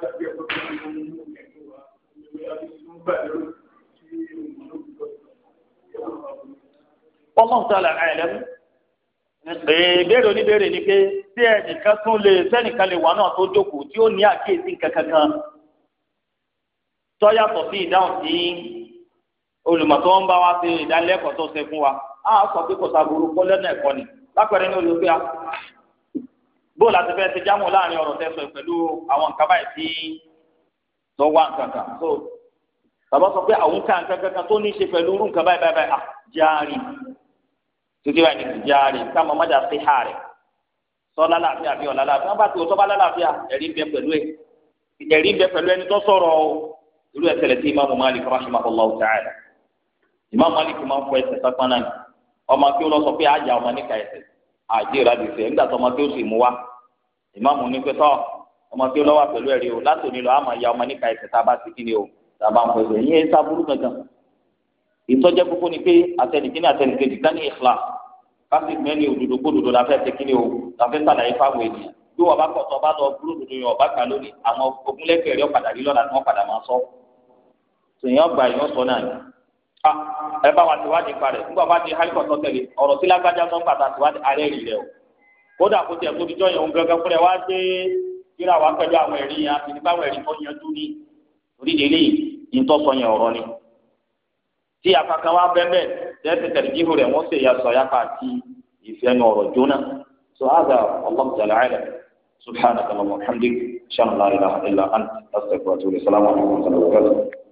láti ẹ̀kọ́ tó ń mú inú wa. Ìgbàgbé mi gbà lórí tí olùdókòwò. Wọ́n mọ̀ ìbéèrè oníbéèrè ni pé tí ẹnìkan tún lè sẹ́nìkan lè wà náà tó jókòó tí ó ní àkíyèsí kankankan tọ́yàtọ̀ sí ìdáhùn sí olùmọ̀ tó ń bá wa ṣe ìdánilẹ́kọ̀ọ́ tó ṣe fún wa á sọ pé kò sàbúrú kọ́ lẹ́nu ẹ̀kọ́ ni lápẹ̀rẹ̀ ní olùgbé a bó láti fẹ́ ṣe jámù láàrin ọ̀rọ̀ tẹ́sọ̀ pẹ̀lú àwọn nǹkan báyìí tí tó wá nǹkan kan so tàbá sọ pé àwọn nǹkan kankan tó ní títí wáyé ní ìjáre káma mọ́jà sí ha rẹ̀ sọ lálàáfíà bí ọ̀la lálàáfíà wọ́n bá ti òtọ́ bá lálàáfíà ẹ̀rí bẹ pẹ̀lú ẹ̀ ẹ̀rí bẹ pẹ̀lú ẹni tó sọ̀rọ̀ o irú ẹsẹ̀lẹ̀ tí imáàmù Malik rahimahullahu ta'ala imáàmù Malik máa ń fọ ẹsẹ̀ sápánà ni ọmọ kí ó lọ sọ pé àjà ọmọ níka ẹsẹ̀ àjẹ́ ìradì sẹ́ nígbà tó ọmọ kí ó sì mú wa imáàmù ní pé tọ́ ọmọ kí ó lọ́wọ́ pẹ̀lú ẹ̀rí o látò nílò àmọ̀ ya ọmọ níka ẹsẹ̀ tá a bá ti kí ni o tá a bá ń fọ ẹsẹ̀ yín sábúrú gangan ìtọ́jẹ́ kókó ni pé àtẹnìkíní àtẹnìkejì ká ní kasi mẹ́ni òdodo kó dodo la fẹ́ ṣe kíni o la fẹ́ sàlàyé fáwọn ènìyàn bí wọn bá kọ̀tọ̀ bá lọ búrò dodo yẹn ọba gbà lónìí àwọn ogunlẹ́kẹ̀ rẹ ọ̀padà rí lọ́la ni wọ́n padà máa sọ sèyàn gbà yẹn sọ náà ni a ẹ bá wa tiwádìí parẹ nígbà wá di hali kọ̀tọ̀ tẹ̀lé ọ̀rọ̀ sí lágbájá sọ pàtà tiwádìí alẹ́ rí rẹ o kódà kó tiẹ̀ tóbi jọ yẹn òun gẹ́gẹ́ fúnra wá dé kíra wá pẹ̀lú àwọn ẹ̀rí yẹn àti nípa àwọn ẹ̀rí yìí ní tó sọ tí afakan wa bẹ́ẹ̀ tẹ́tẹ́ tẹ̀lifíhù rẹ̀ wọ́n sì yà sọ yà pa àti ìfẹ́nu ọ̀rọ̀ jóná so hàdà ọlọ́mù tẹ̀lé àyẹ̀lẹ̀ subhanahu wa ta'ala alhamdulilayi shan allah ilaha illa anta astaghfiruka wa atubu ilayk